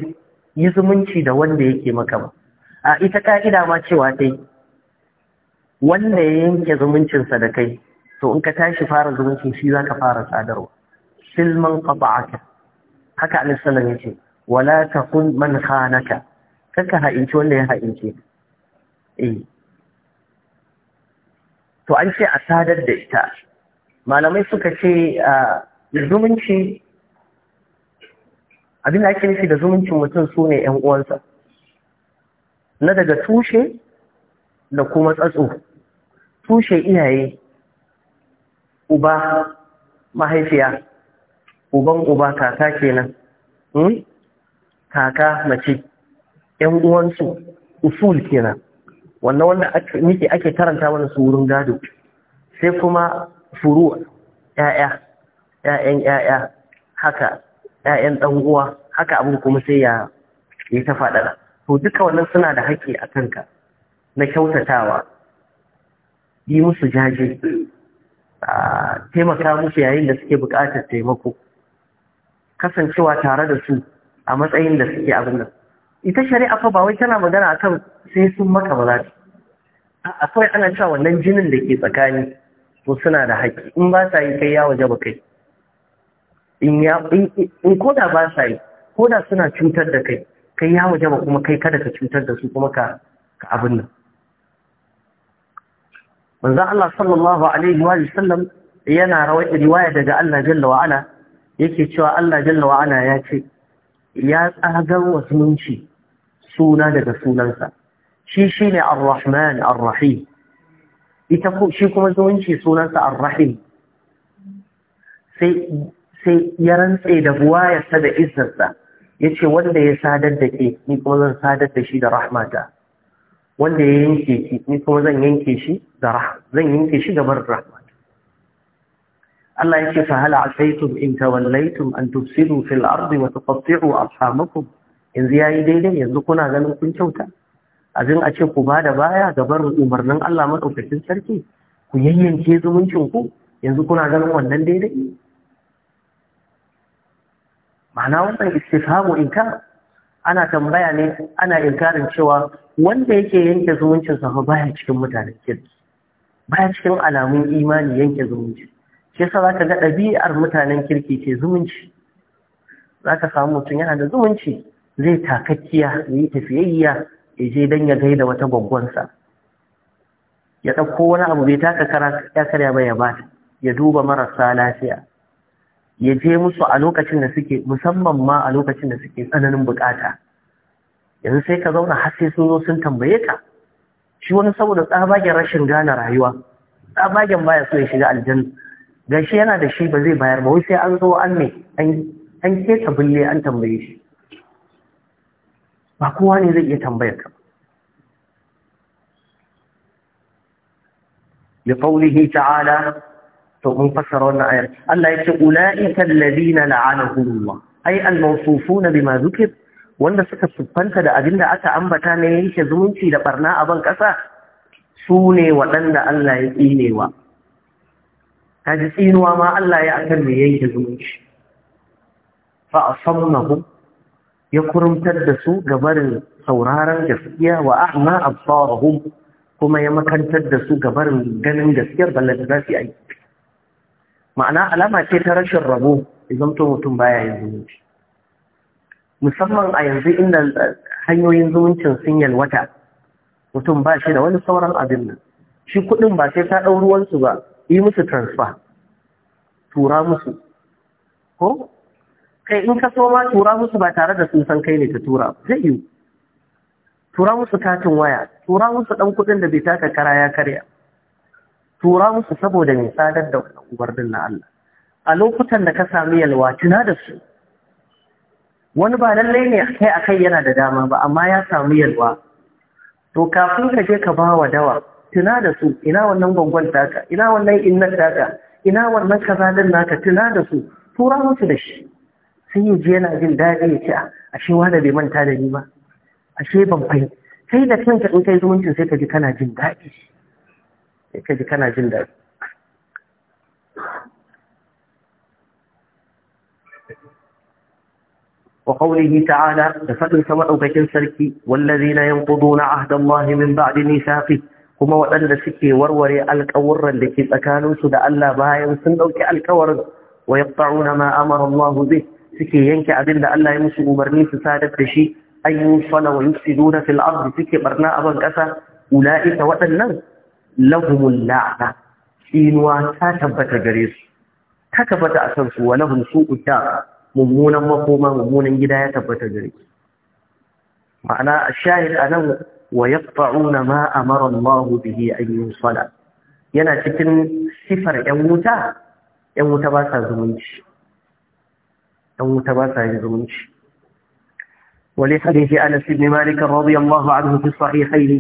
yi zumunci da wanda yake maka ba a ita ka'ida ma cewa dai wanda ya yanke zumuncinsa da kai to in ka tashi fara zumuncin shi zaka fara sadarwa silman qata'aka haka annabi sallallahu alaihi wala kun man khanaka kaka ha'inci wanda ya ha'inci eh to an ce a sadar da ita malamai suka ce zumunci abin da ake nufi da zumuncin mutum su ne ‘yan uwansa na daga tushe da kuma tsatso tushe iyaye uba mahaifiya uban uba kaka kenan hmm? kaka mace ƴan uwansu usul kenan wannan wanda nake ake karanta mana su wurin gado sai kuma furu ‘ya'ya ‘ya'yan ‘ya'ya haka ‘ya'yan ɗan uwa haka abin kuma sai ya yi ta faɗaɗa to duka wannan suna da haƙƙi a kanka na kyautatawa yi musu jaje taimaka musu yayin da suke buƙatar taimako kasancewa tare da su a matsayin da suke abin nan ita shari'a fa ba wai tana magana akan sai sun maka ba za akwai ana cewa wannan jinin da ke tsakani to suna da haƙƙi in ba sa yi kai ya waje ba kai in ya in ko da ba sa yi ko da suna cutar da kai kai ya waje ba kuma kai kada ka cutar da su kuma ka ka abin nan manzo Allah sallallahu alaihi wa sallam yana rawaya daga Allah jalla wa ala yake cewa Allah jalla wa ala ya ce ya tsagar wa zumunci suna daga sunansa shi shi ne ar-rahman ar-rahim ita shi kuma zuwanci sunansa ar sai sai ya rantse da buwayarsa da izarsa ya ce wanda ya sadar da ke ni kuma zan sadar da shi da rahmata wanda ya yanke ki ni kuma zan yanke shi da rahmata. zan yanke shi da bar Allah yake fa hal asaitum in tawallaitum an tufsidu fil ardi wa taqta'u arhamakum yanzu yayi daidai yanzu kuna ganin kun kyauta azin a ce ku ba da baya ga barin umarnin Allah madaukakin sarki ku yayyanke zumuncin ku yanzu kuna ganin wannan daidai ma'ana wannan istifhamu inkar ana tambaya ne ana inkarin cewa wanda yake yanke zumuncin sa baya cikin mutanen kirki baya cikin alamun imani yanke zumuncin shi yasa zaka ga ɗabi'ar mutanen kirki ce zumunci zaka samu mutum yana da zumunci zai takakkiya yayi tafiyayya ya je dan ya gaida wata gwaggwansa ya ɗauko wani abu bai taka kara ya karya ba ya ba ya duba marasa lafiya ya je musu a lokacin da suke musamman ma a lokacin da suke tsananin bukata yanzu sai ka zauna har sai sun zo sun tambaye ka shi wani saboda tsabagen rashin gane rayuwa tsabagen baya so ya shiga aljanna dan shi yana da shi ba zai bayar ba wai sai an zo an ne an keta bulle an tambaye shi ba kowa ne zai iya tambayar ka li qawlihi ta'ala to mun fassara wannan ayar Allah yace ulaika alladhina la'anahumullah ay al-mawsufuna bima zukir wanda suka siffanta da abin da aka ambata ne yake zumunci da barna a ban kasa su ne waɗanda Allah ya tsinewa ji tsinuwa ma Allah ya akan mai yanke zumunci fa asammahu ya kurumtar da su ga barin sauraron gaskiya wa ahma absarahum kuma ya makantar da su ga barin ganin gaskiyar ballan da zasu yi ma'ana alama ce ta rashin rabo idan to mutum baya yin zumunci musamman a yanzu inda hanyoyin zumuncin sun yalwata mutum ba shi da wani sauran abin nan shi kuɗin ba sai ta ɗau ruwansu ba yi musu transfer tura musu ko kai in ka so ma tura musu ba tare da sun san kai ne ta tura zai yi tura musu katin waya tura musu dan kudin da bai taka kara ya karya tura musu saboda mai sadar da ubarnin na Allah a lokutan da ka sami yalwa tuna da su wani ba lallai ne kai akai yana da dama ba amma ya samu yalwa to kafin ka je ka ba wa dawa tuna su ina wannan gwangwan taka ina wannan innar taka ina wannan kazalin naka tuna su tura musu da shi sai yaji yana jin daɗi ya ce a ashe wani bai manta da ni ba ashe ban fahimta sai da kanka in kai zumuncin sai ka ji kana jin daɗi sai ka ji kana jin daɗi وقوله تعالى لفضل سواء كن سركي والذين ينقضون عهد الله من بعد ميثاقه kuma waɗanda suke warware alƙawurran da ke tsakaninsu da Allah bayan sun ɗauki alƙawarin wa yaqta'una na amara Allah suke yanke abin da Allah ya musu umarni su sadar da shi an yusala wa nuna fil ardi suke barna a ban ƙasa ula'ika waɗannan lahumul la'na tsinuwa ta tabbata gare su ta tabbata a san su wa lahum su'ud mummunan makoma mummunan gida ya tabbata gare su ma'ana a shahid nan. wa yaqta'una ma amara Allah bihi an yusala yana cikin sifar 'yan wuta 'yan wuta ba sa zumunci ‘yan wuta ba sa yin zumunci. Wale hadisi Anas ibn Malik radiyallahu anhu fi sahihaini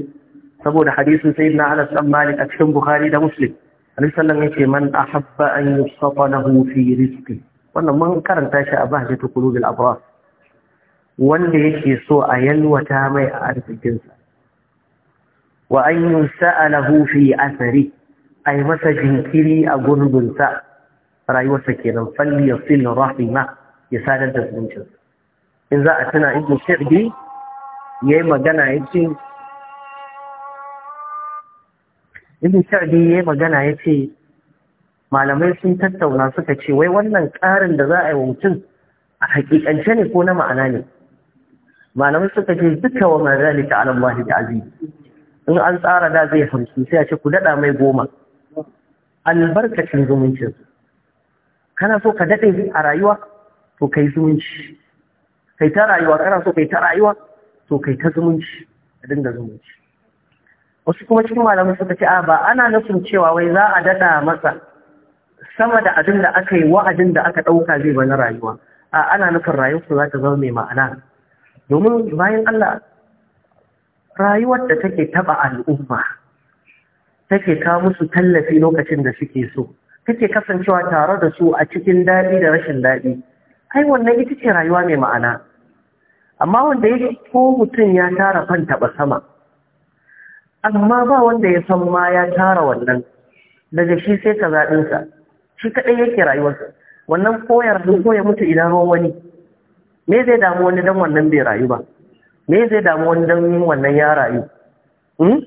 saboda hadisin sayyidina Anas dan Malik a cikin Bukhari da Muslim. Annabi sallallahu alaihi wasallam a ahabba an yi yusata na hufi rizqi. Wannan mun karanta shi a bahjatu qulubil abrar. Wanda yake so a yalwata mai a arzikinsa. wa an sa’alahu fi asari yi masa jinkiri a gurbinsa rayuwarsa ke nan falli fi rahima ya sadar da zumuncin in za a tuna ibn shirbi yi magana ya ce ibn shirbi yi magana ya ce malamai sun tattauna suka ce wai wannan ƙarin da za a yi wa mutum a hakikance ne ko na ma'ana ne malamai suka ce duka wa mazalika ala Allah da aziz in an tsara da zai hamsin sai a ce ku daɗa mai goma albarkacin zumuncin kana so ka daɗe a rayuwa to kai zumunci kai ta rayuwa kana so kai ta rayuwa to kai ta zumunci a dinga zumunci wasu kuma cikin malamai suka ce a ba ana nufin cewa wai za a daɗa masa sama da abin da aka yi wa'adin da aka ɗauka zai bani na rayuwa a ana nufin rayuwa za ta zama mai ma'ana domin bayan Allah rayuwar da take taba al'umma take kawo musu tallafi lokacin da suke so take kasancewa tare da su a cikin daɗi da rashin daɗi ai wannan ita ce rayuwa mai ma'ana amma wanda ya ko mutum ya tara fan taba sama amma ba wanda ya san ma ya tara wannan daga shi sai ka zaɗinsa shi kaɗai yake rayuwarsa wannan koyar ko ya mutu idan ruwan wani me zai damu wani dan wannan bai rayu ba me zai damu wani dan wannan ya rayu hmm?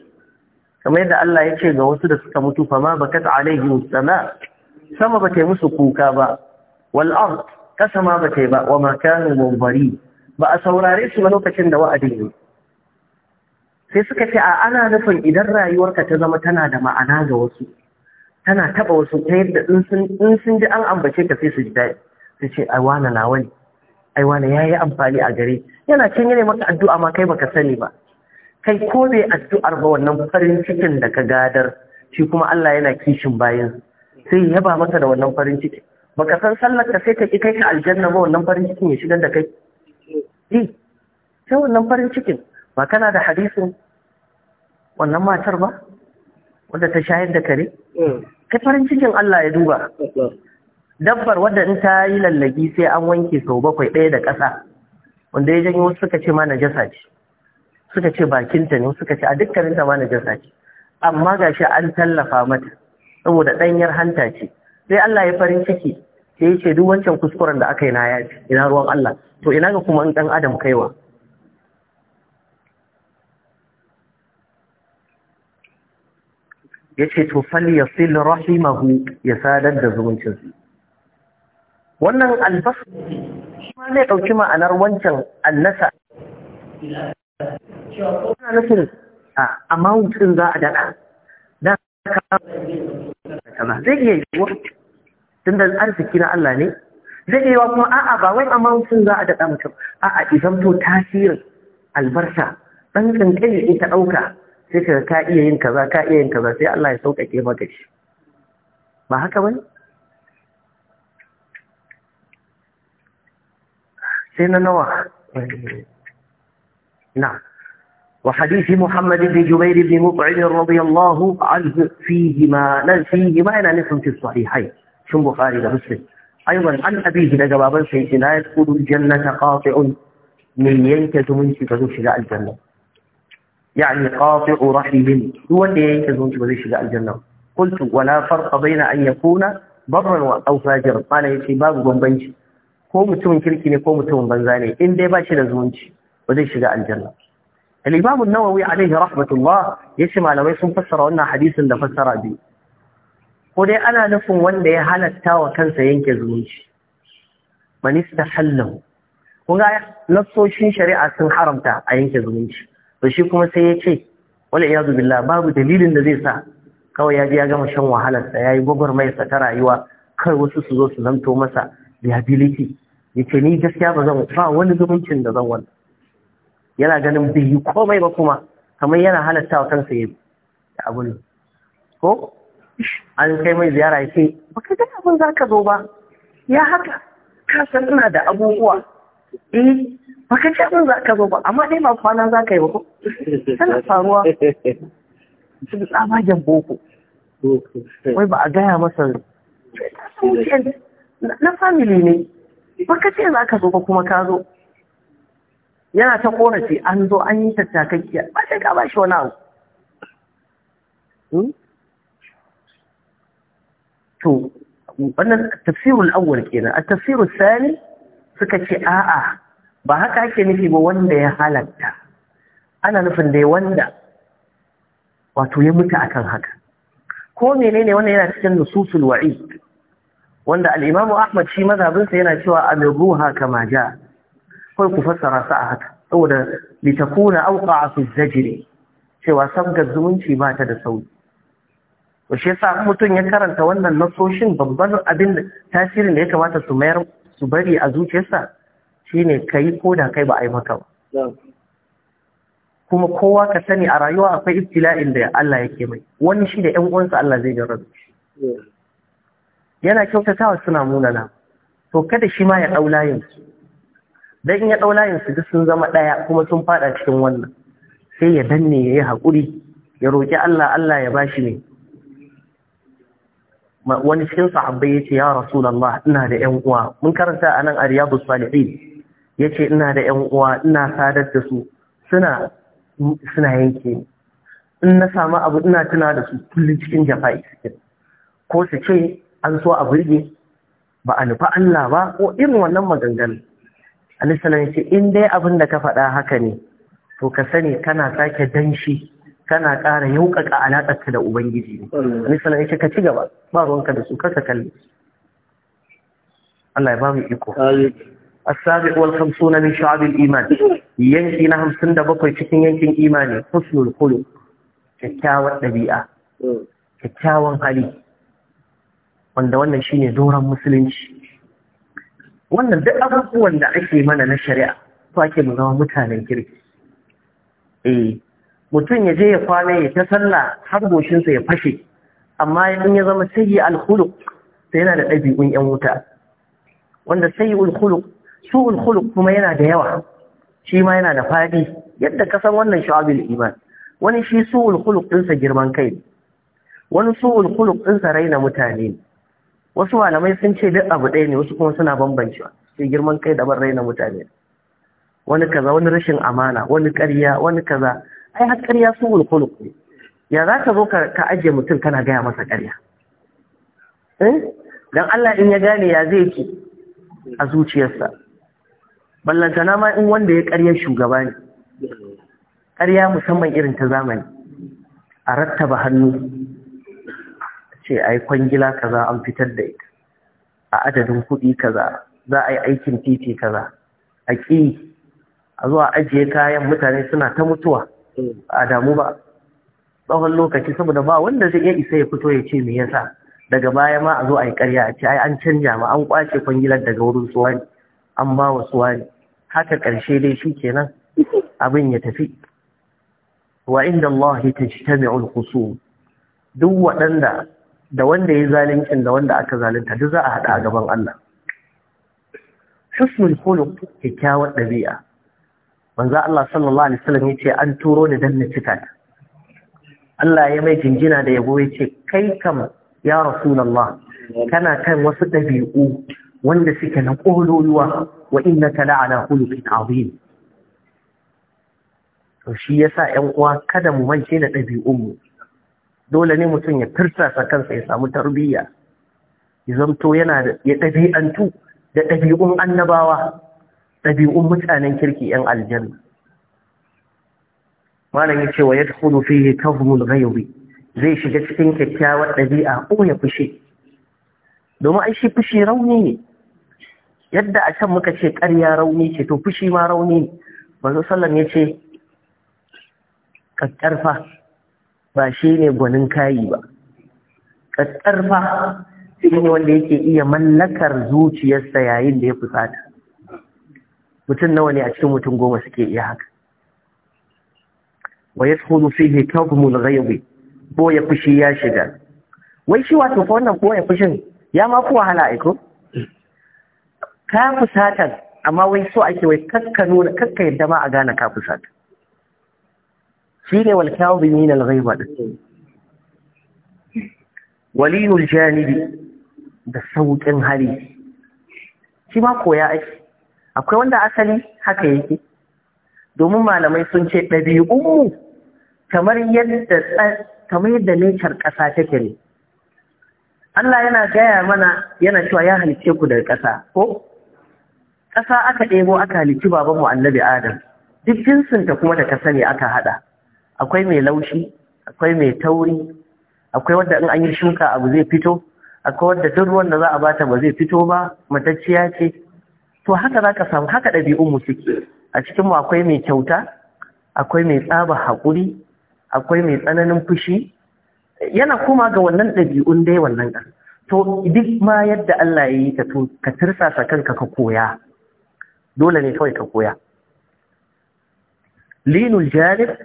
kamar yadda Allah ya ce ga wasu da suka mutu fama bakat alaihi sama sama ba ta yi musu kuka ba wal ard kasa ma ba ta yi ba wa ma kanu ba a saurare su ba lokacin da wa'adin ne sai suka ce a ana nufin idan rayuwarka ta zama tana da ma'ana ga wasu tana taba wasu ta yadda in sun ji an ambace ka sai su ji daɗi su wani nawa ne ai wani yi amfani a gare yana can yana maka addu'a ma kai baka sani ba kai ko bai addu'ar ba wannan farin cikin da ka gadar shi kuma Allah yana kishin bayan sai ya ba maka da wannan farin cikin baka san sallar ka sai ta ƙi kai ka aljanna ba wannan farin cikin ya shigar da kai eh sai wannan farin cikin ba kana da hadisin wannan matar ba wanda ta shayar da kare mm. kai farin cikin Allah ya duba mm. dabbar wadda in ta yi lallagi sai an wanke sau bakwai ɗaya da ƙasa wanda ya janyo wasu suka ce ma najasa ce suka ce bakinta ne suka ce a dukkanin ta ma najasa ce amma gashi an tallafa mata saboda ɗanyar hanta ce sai Allah ya farin ciki sai ya ce duk wancan kuskuren da aka yi na ya ina ruwan Allah to ina ga kuma in ɗan adam kaiwa ya ce to fal yasil rahimahu ya sadar da zumuncinsu wannan albasar shi ma zai ɗauki ma'anar wancan annasa suna nufin a amount ɗin za a daɗa da ka zai iya wa tun da arziki na Allah ne zai iya wa kuma a'a ba wai amount ɗin za a daɗa mutum a'a izamto tasirin albarsa ɗan ƙanƙani in ta ɗauka sai ka ka iya yin kaza ka iya yin kaza sai Allah ya sauƙaƙe maka shi ba haka bane سيدنا نوح نعم وحديث محمد بن جبير بن مطعم رضي الله عنه فيهما لن نعم، فيهما أنا نسم في الصحيحين شن بخاري مسلم أيضا عن أبيه لجوابا سيدنا يدخل الجنة قاطع من ينكز من سبب شلاء الجنة يعني قاطع رحم هو اللي ينكز من سبب شلاء الجنة قلت ولا فرق بين أن يكون برا أو فاجرا قال يا باب بنبنشي ko mutumin kirki ne ko mutumin banza ne in dai ba shi da zumunci ba zai shiga aljanna al-imam an-nawawi alaihi rahmatullah yace malamai sun fassara wannan hadisin da fassara biyu ko dai ana nufin wanda ya halatta wa kansa yanke zumunci man istahallahu kun ga nassoshin shari'a sun haramta a yanke zumunci to shi kuma sai ya ce wala iyazu billah babu dalilin da zai sa kawai ya ji ya gama shan wahalarsa ya yi gwagwarmayarsa ta rayuwa kai wasu su zo su zanto masa ability ya ce ni gaskiya ba zan ba wani zumuncin da zan wani yana ganin bai yi komai ba kuma kamar yana halatta wa kansa ya abin ko an kai mai ziyara ya ce ba ka gani abin za ka zo ba ya haka ka san ina da abubuwa eh ba ka ce abin za ka zo ba amma dai ba kwana za ka yi ba ko tana faruwa su da tsabagen boko wai ba a gaya masa na family ne baka ce za ka zo ba kuma ka zo yana ta korafi an zo an yi tattakakkiya ba sai ka ba shi wani abu hmm? to wannan tafsirul awwal kenan a tafsirul sani suka ce a'a ba haka ake nufi ba wanda ya halatta ana nufin dai wanda wato ya mutu akan haka ko menene wannan yana cikin nususul wa'id wanda al’imamu Ahmad shi mazhabinsa yana cewa ruha kama ja kai ku fassara sa haka saboda auka a su zajire, cewa sabgar zumunci ba ta da sauri. Washe sa yasa mutum ya karanta wannan nasoshin babban abin tasirin da ya kamata su mayar su bari a zuciyarsa Shi ne, 'Ka yi ko da kai ba a yi maka ba kuma kowa ka sani a rayuwa akwai ibtila'in da Allah yake mai wani shi da 'yan uwansa Allah zai da shi yana kyautatawa suna munana to kada shi ma ya ɗau layinsu don in ya ɗau layinsu duk sun zama ɗaya kuma sun faɗa cikin wannan sai ya danne ya yi haƙuri ya roƙi Allah Allah ya bashi ne wani cikin sahabbai yace ya rasulullah ina da 'yan uwa mun karanta a nan a riyadus salihin yace ina da 'yan uwa ina sadar da su suna suna yanke ni in na samu abu ina tuna da su kullum cikin jafa'i suke ko su ce an so a burge ba a nufi Allah ba ko irin wannan maganganu alisalan ce in dai abin da ka faɗa haka ne to ka sani kana sake danshi kana ƙara yauƙaƙa alaƙarka da ubangiji ne alisalan ce ka ci gaba ba ruwanka da su kaka kalli Allah ya ba mu iko السابع والخمسون من شعب الإيمان ينكي نهم سند بقي cikin yankin imani husnul khuluq kyakkyawar dabi'a mm. kyakkyawan hali. wanda wannan shi ne doron musulunci wannan duk abubuwan da ake mana na shari'a to ake mu zama mutanen kirki eh mutum ya je ya kwana ya ta sallah har goshinsa ya fashe amma in ya zama sayyi alkhuluq sai yana da ɗabi'un yan wuta wanda sayyi alkhuluq su alkhuluq kuma yana da yawa shi ma yana da fadi yadda ka san wannan sha'abil iman wani shi su alkhuluq ɗinsa girman kai wani su alkhuluq ɗinsa raina mutane wasu malamai sun ce duk abu ɗaya ne wasu kuma suna bambancewa sai girman kai da ban raina mutane wani kaza wani rashin amana wani ƙarya wani kaza ai har ƙarya sun wulkulu ya za ka zo ka ajiye mutum kana gaya masa ƙarya eh? dan Allah in ya gane ya zai ki a zuciyarsa ballantana ma in wanda ya ƙarya shugaba ne ƙarya musamman irin ta zamani a rattaba hannu ce ai kwangila kaza an fitar da ita a adadin kuɗi kaza za a yi aikin titi kaza a ƙi a zuwa ajiye kayan mutane suna ta mutuwa a damu ba tsawon lokaci saboda ba wanda zai iya isa ya fito ya ce me yasa daga baya ma a zo a yi karya a ce ai an canja ma an kwace kwangilar daga wurin suwani an ba wa suwani haka ƙarshe dai shi kenan abin ya tafi wa inda Allah ta mai ta duk waɗanda da wanda ya zalincin da wanda aka zalunta duk za a haɗa a gaban Allah husnul khuluq kyakkyawar ɗabi'a manzo Allah sallallahu alaihi wasallam yace an turo ni dan na cika ta Allah ya mai jinjina da yabo yace kai kam ya rasulullah kana kan wasu ɗabi'u wanda suke na ƙololuwa wa innaka la'ala khuluqin azim to shi yasa ƴan uwa kada mu mance da ɗabi'un mu dole ne mutum ya tirsasa kansa ya samu tarbiyya ya zamto yana da ya ɗabi'antu da ɗabi'un annabawa ɗabi'un mutanen kirki 'yan aljanna malam ya ce wa yadkhulu fihi kazmul ghaibi zai shiga cikin kyakkyawar ɗabi'a ko ya fushi domin ai shi fushi rauni ne yadda a can muka ce ƙarya rauni ce to fushi ma rauni ne manzo sallam ya ce kakkarfa ba shi ne gwanin kayi ba fa shi ne wanda yake iya mallakar zuciyarsa yayin da ya fusata mutum nawa ne a cikin mutum goma suke iya haka wa yadkhulu fihi kadhmul ghayb ko ya fushi ya shiga wai shi wato fa wannan ko ya fushin ya ma ku wahala aiko ka fusata amma wai so ake wai kakka nuna kakka yadda ma a gane ka fusata shi ne wal kadhimin da ghaiba waliyul janibi da sauƙin hari. shi ma koya ake akwai wanda asali haka yake domin malamai sun ce ɗabi'unmu kamar yadda kamar yadda nature ƙasa take ne Allah yana gaya mana yana cewa ya halice ku daga ƙasa ko ƙasa aka ɗebo aka halici babanmu annabi Adam duk jinsinta kuma da ka sani aka haɗa akwai mai laushi akwai mai tauri akwai wanda in an yi shuka abu zai fito akwai wanda duk ruwan da za a bata ba zai fito ba matacciya ce to haka za ka samu haka ɗabi'un mu suke a cikin mu akwai mai kyauta akwai mai tsaba haƙuri akwai mai tsananin fushi yana kuma ga wannan ɗabi'un dai wannan ɗan to duk ma yadda Allah ya yi ka to ka tirsasa kanka ka koya dole ne kawai ka koya linul jarib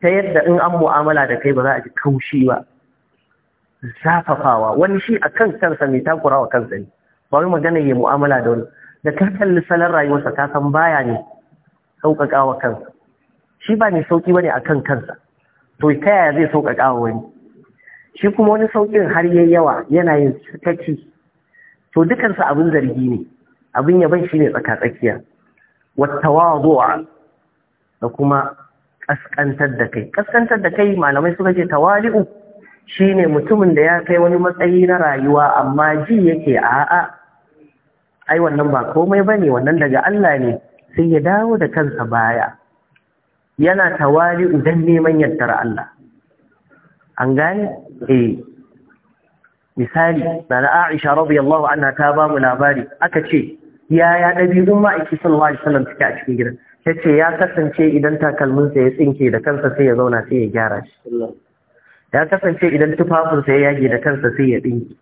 ta yadda in an mu'amala da kai ba za a ji kaushi ba zafafawa wani shi a kan kansa mai takura wa kansa ne ba wai magana ya mu'amala da wani da ka kalli salon rayuwarsa ka san baya ne sauƙaƙa wa kansa shi ba ne sauƙi ba ne a kan kansa to ta yaya zai sauƙaƙa wa wani shi kuma wani sauƙin har yayi yawa yana yin sakaci to dukansa abin zargi ne abin yaban shi ne tsakatsakiya wattawadu'a da kuma kaskantar da kai kaskantar da kai malamai suka ce tawali'u shine mutumin da ya kai wani matsayi na rayuwa amma ji yake a'a ai wannan ba komai bane wannan daga Allah ne sai ya dawo da kansa baya yana tawali'u dan neman yardar Allah an gane eh misali da Aisha radiyallahu anha ta ba mu labari aka ce yaya ɗabi'un Allah sallallahu alaihi wasallam suke a cikin gidan ya ce ya kasance idan takalminsa ya tsinke da kansa sai ya zauna sai ya gyara shi ya kasance idan tufafinsa ya yage da kansa sai ya ɗinki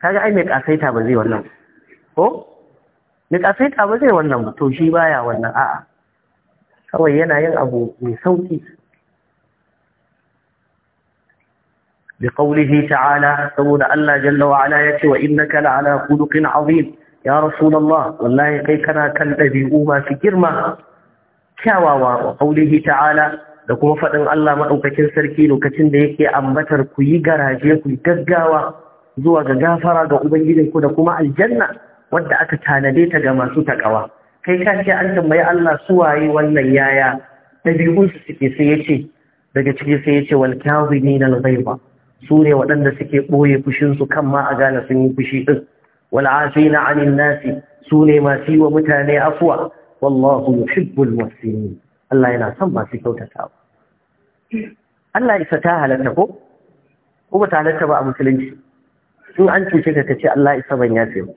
kaga ai mai kasaita ba zai wannan ko mai kasaita ba zai wannan to shi baya wannan a'a kawai yana yin abu mai sauki bi qawlihi ta'ala saboda Allah jalla wa ala yace wa innaka la'ala khuluqin azim ya rasulullah wallahi kai kana kan dabi'u masu girma kyawawa wa ta'ala da kuma faɗin Allah maɗaukakin sarki lokacin da yake ambatar ku yi garaje ku gaggawa zuwa ga gafara ga ubangijinku da kuma aljanna wadda aka tanade ta ga masu takawa kai ka ce an tambayi Allah su waye wannan yaya dabi'un suke sai ce. daga ciki sai yace wal kazimin al ghaiba su ne waɗanda suke ɓoye fushinsu su kan ma a gane sun yi fushi din wal afina anin nasi su ne masu yi wa mutane afuwa wallahu يحب المحسنين Allah yana son masu kyautatawa Allah isa ta halatta ko ko ba ta ba a musulunci in an cuce ka Allah isa ban yafe ba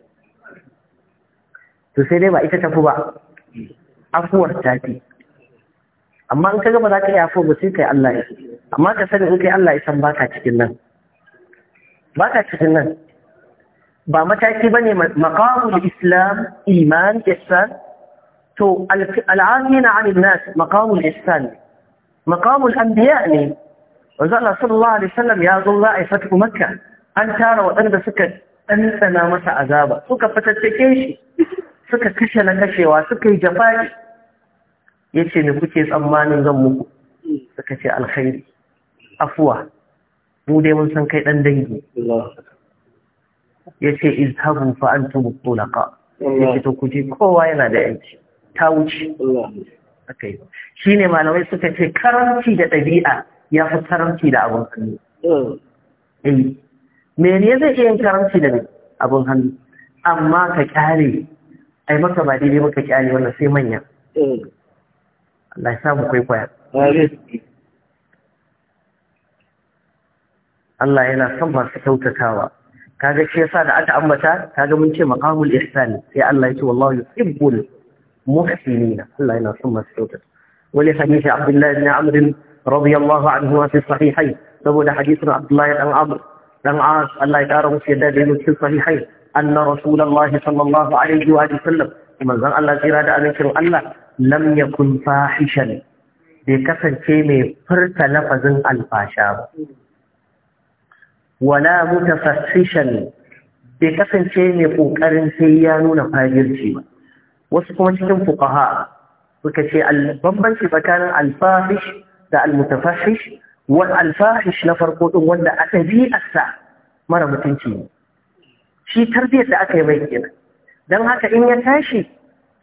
to sai dai ba ita tafi ba amma in ka gaba za ka yi ba sai kai Allah isa amma ka sani in kai Allah ba cikin nan ba cikin nan ba mataki ba ne islam iman ihsan to al'afina anin nas maqamul ihsan maqamul ne wanzu Allah sallallahu ya zo za a yi fatu makka an tara waɗanda suka ɗanɗana masa azaba suka fatattake shi suka kashe na kashewa suka yi jafari ya ce ni kuke tsammanin zan muku suka ce alkhairi afuwa mu dai mun san kai ɗan dangi Yace ce fa an ya kuje kowa yana da yanci ta wuce shi shine malamai suka ce karanci da ɗabi'a ya fi karanci da abin hannu eh ne zai iya yin karanci da abin hannu amma ka kyale ai maka ba daidai maka kyale wanda sai manya Allah ya samu kwaikwaya Allah yana son masu kyautatawa kaga shi yasa da aka ambata kaga mun ce maqamul ihsan sai Allah ya ce wallahu yuhibbul محسنين الله ينصم مسعودا ولحديث عبد الله بن عمرو رضي الله عنهما في الصحيحين سبب حديث عبد الله بن عمرو بن عاص الله يداره في يديه في الصحيحين أن رسول الله صلى الله عليه وآله وسلم من ذا الله إرادة أن الله لم يكن فاحشا bai kasance mai furta lafazin alfasha ba. Wala mutafassishan bai kasance mai ƙoƙarin sai ya nuna fajirci ba. wasu kuma cikin fuqaha suka ce bambanci tsakanin alfahish da almutafahish wal alfahish na farko din wanda a ɗabi'arsa mara mutunci ne shi tarbiyyar da aka yi mai kenan don haka in ya tashi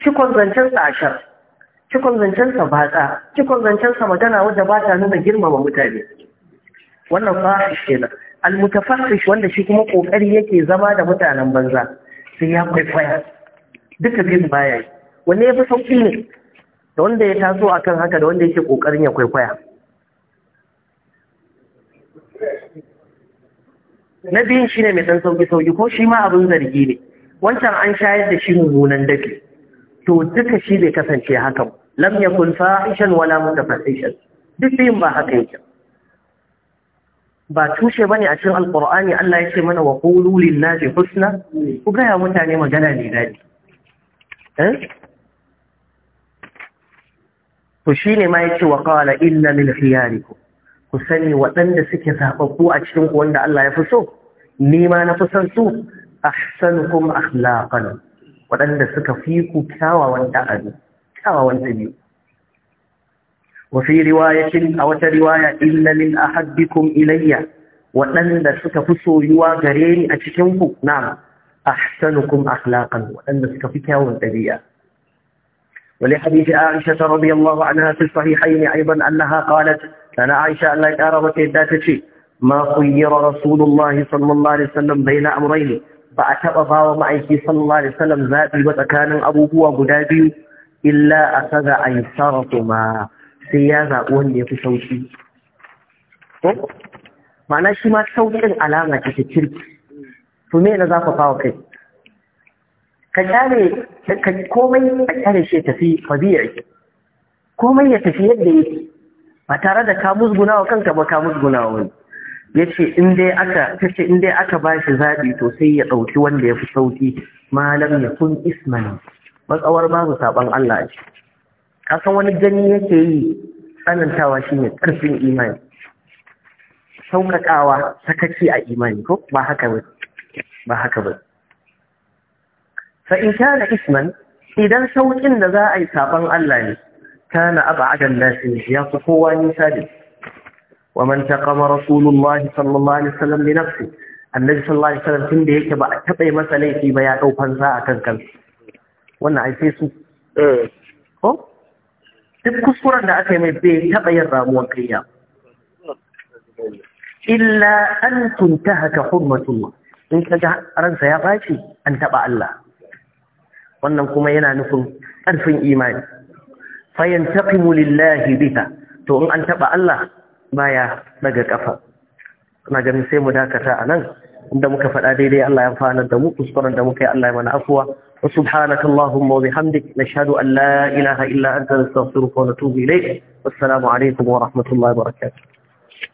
cikon zancen sa cikon zancen sa batsa cikon zancen sa magana wanda ba ta nuna girmama mutane wannan fahish kenan almutafahish wanda shi kuma kokari yake zama da mutanen banza sai ya kwaikwaya duka biyun baya yi wanne ya fi sauƙi ne da wanda ya taso a kan haka da wanda yake ƙoƙarin ya kwaikwaya na biyun shi ne mai ɗan sauƙi-sauƙi ko shi ma abin zargi ne wancan an shayar da shi mummunan dafi to duka shi bai kasance haka lam ya yakun fahishan wala fasishan. duk biyun ba haka yake ba tushe bane a cikin alqur'ani Allah ya ce mana wa qulu lin nasi husna ku ga mutane magana ne dadi ku eh? shi ne ma yake wa illa lil ku sani waɗanda suke zaɓaɓɓu a cikin ku wanda Allah ya fi so ni ma na fi son su ahsanukum akhlaqan waɗanda suka fi ku kyawawan ta'adu kyawawan dabi'u wa fi a wata riwaya illa min ahaddikum ilayya waɗanda suka fi soyuwa gare ni a cikin ku na'am أحسنكم أخلاقا وأن سكفك والأبيئة ولحديث عائشة رضي الله عنها في الصحيحين أيضا أنها قالت أنا عائشة أن لا يتعرف كيداتك ما خير رسول الله صلى الله عليه وسلم بين أمرين فأتبقى ومعيكي صلى الله عليه وسلم ذاتي وتكان أبوه وقدابي إلا أخذ أيسرتما سيازة وندي في صوتي معناه شي ما صوتي العلامة تتكلم to me na za ku fawo kai ka kyale ka komai ka kyale shi tafi ke. komai ya tafi yadda yake ba tare da ka musguna wa kanka ba ka musguna wa wani yace in dai aka tace in dai aka bashi zabi to sai ya dauki wanda yafi sauki malam kun isman matsawar babu saban Allah ce san wani gani yake yi tsanantawa shine karfin imani sauƙaƙawa sakaci a imani ko ba haka ba ما هكذا فإن كان اسما إذا سوى إن ذا أي سابر ألاني كان أبعد الناس يصف وإنسان ومن تقام رسول الله صلى الله عليه وسلم لنفسه النبي صلى الله عليه وسلم كن به كبا كبي مسألة في بيان أو فنزاء كنكن وانا عيسيسو ايه هو تبكو سورة نأتي من به كبي الرام والقيام إلا أن تنتهك حرمة الله in ka ga ransa ya ɓaci an taɓa Allah wannan kuma yana nufin ƙarfin imani fayan lillahi bita to in an taɓa Allah baya daga ƙafa na ganin sai mu dakata a nan inda muka faɗa daidai Allah ya amfana da mu kuskuren da muka yi Allah ya mana afuwa wa subhanaka allahumma wa bihamdik nashhadu an la ilaha illa anta nastaghfiruka wa natubu ilayk wassalamu alaikum wa rahmatullahi wa barakatuh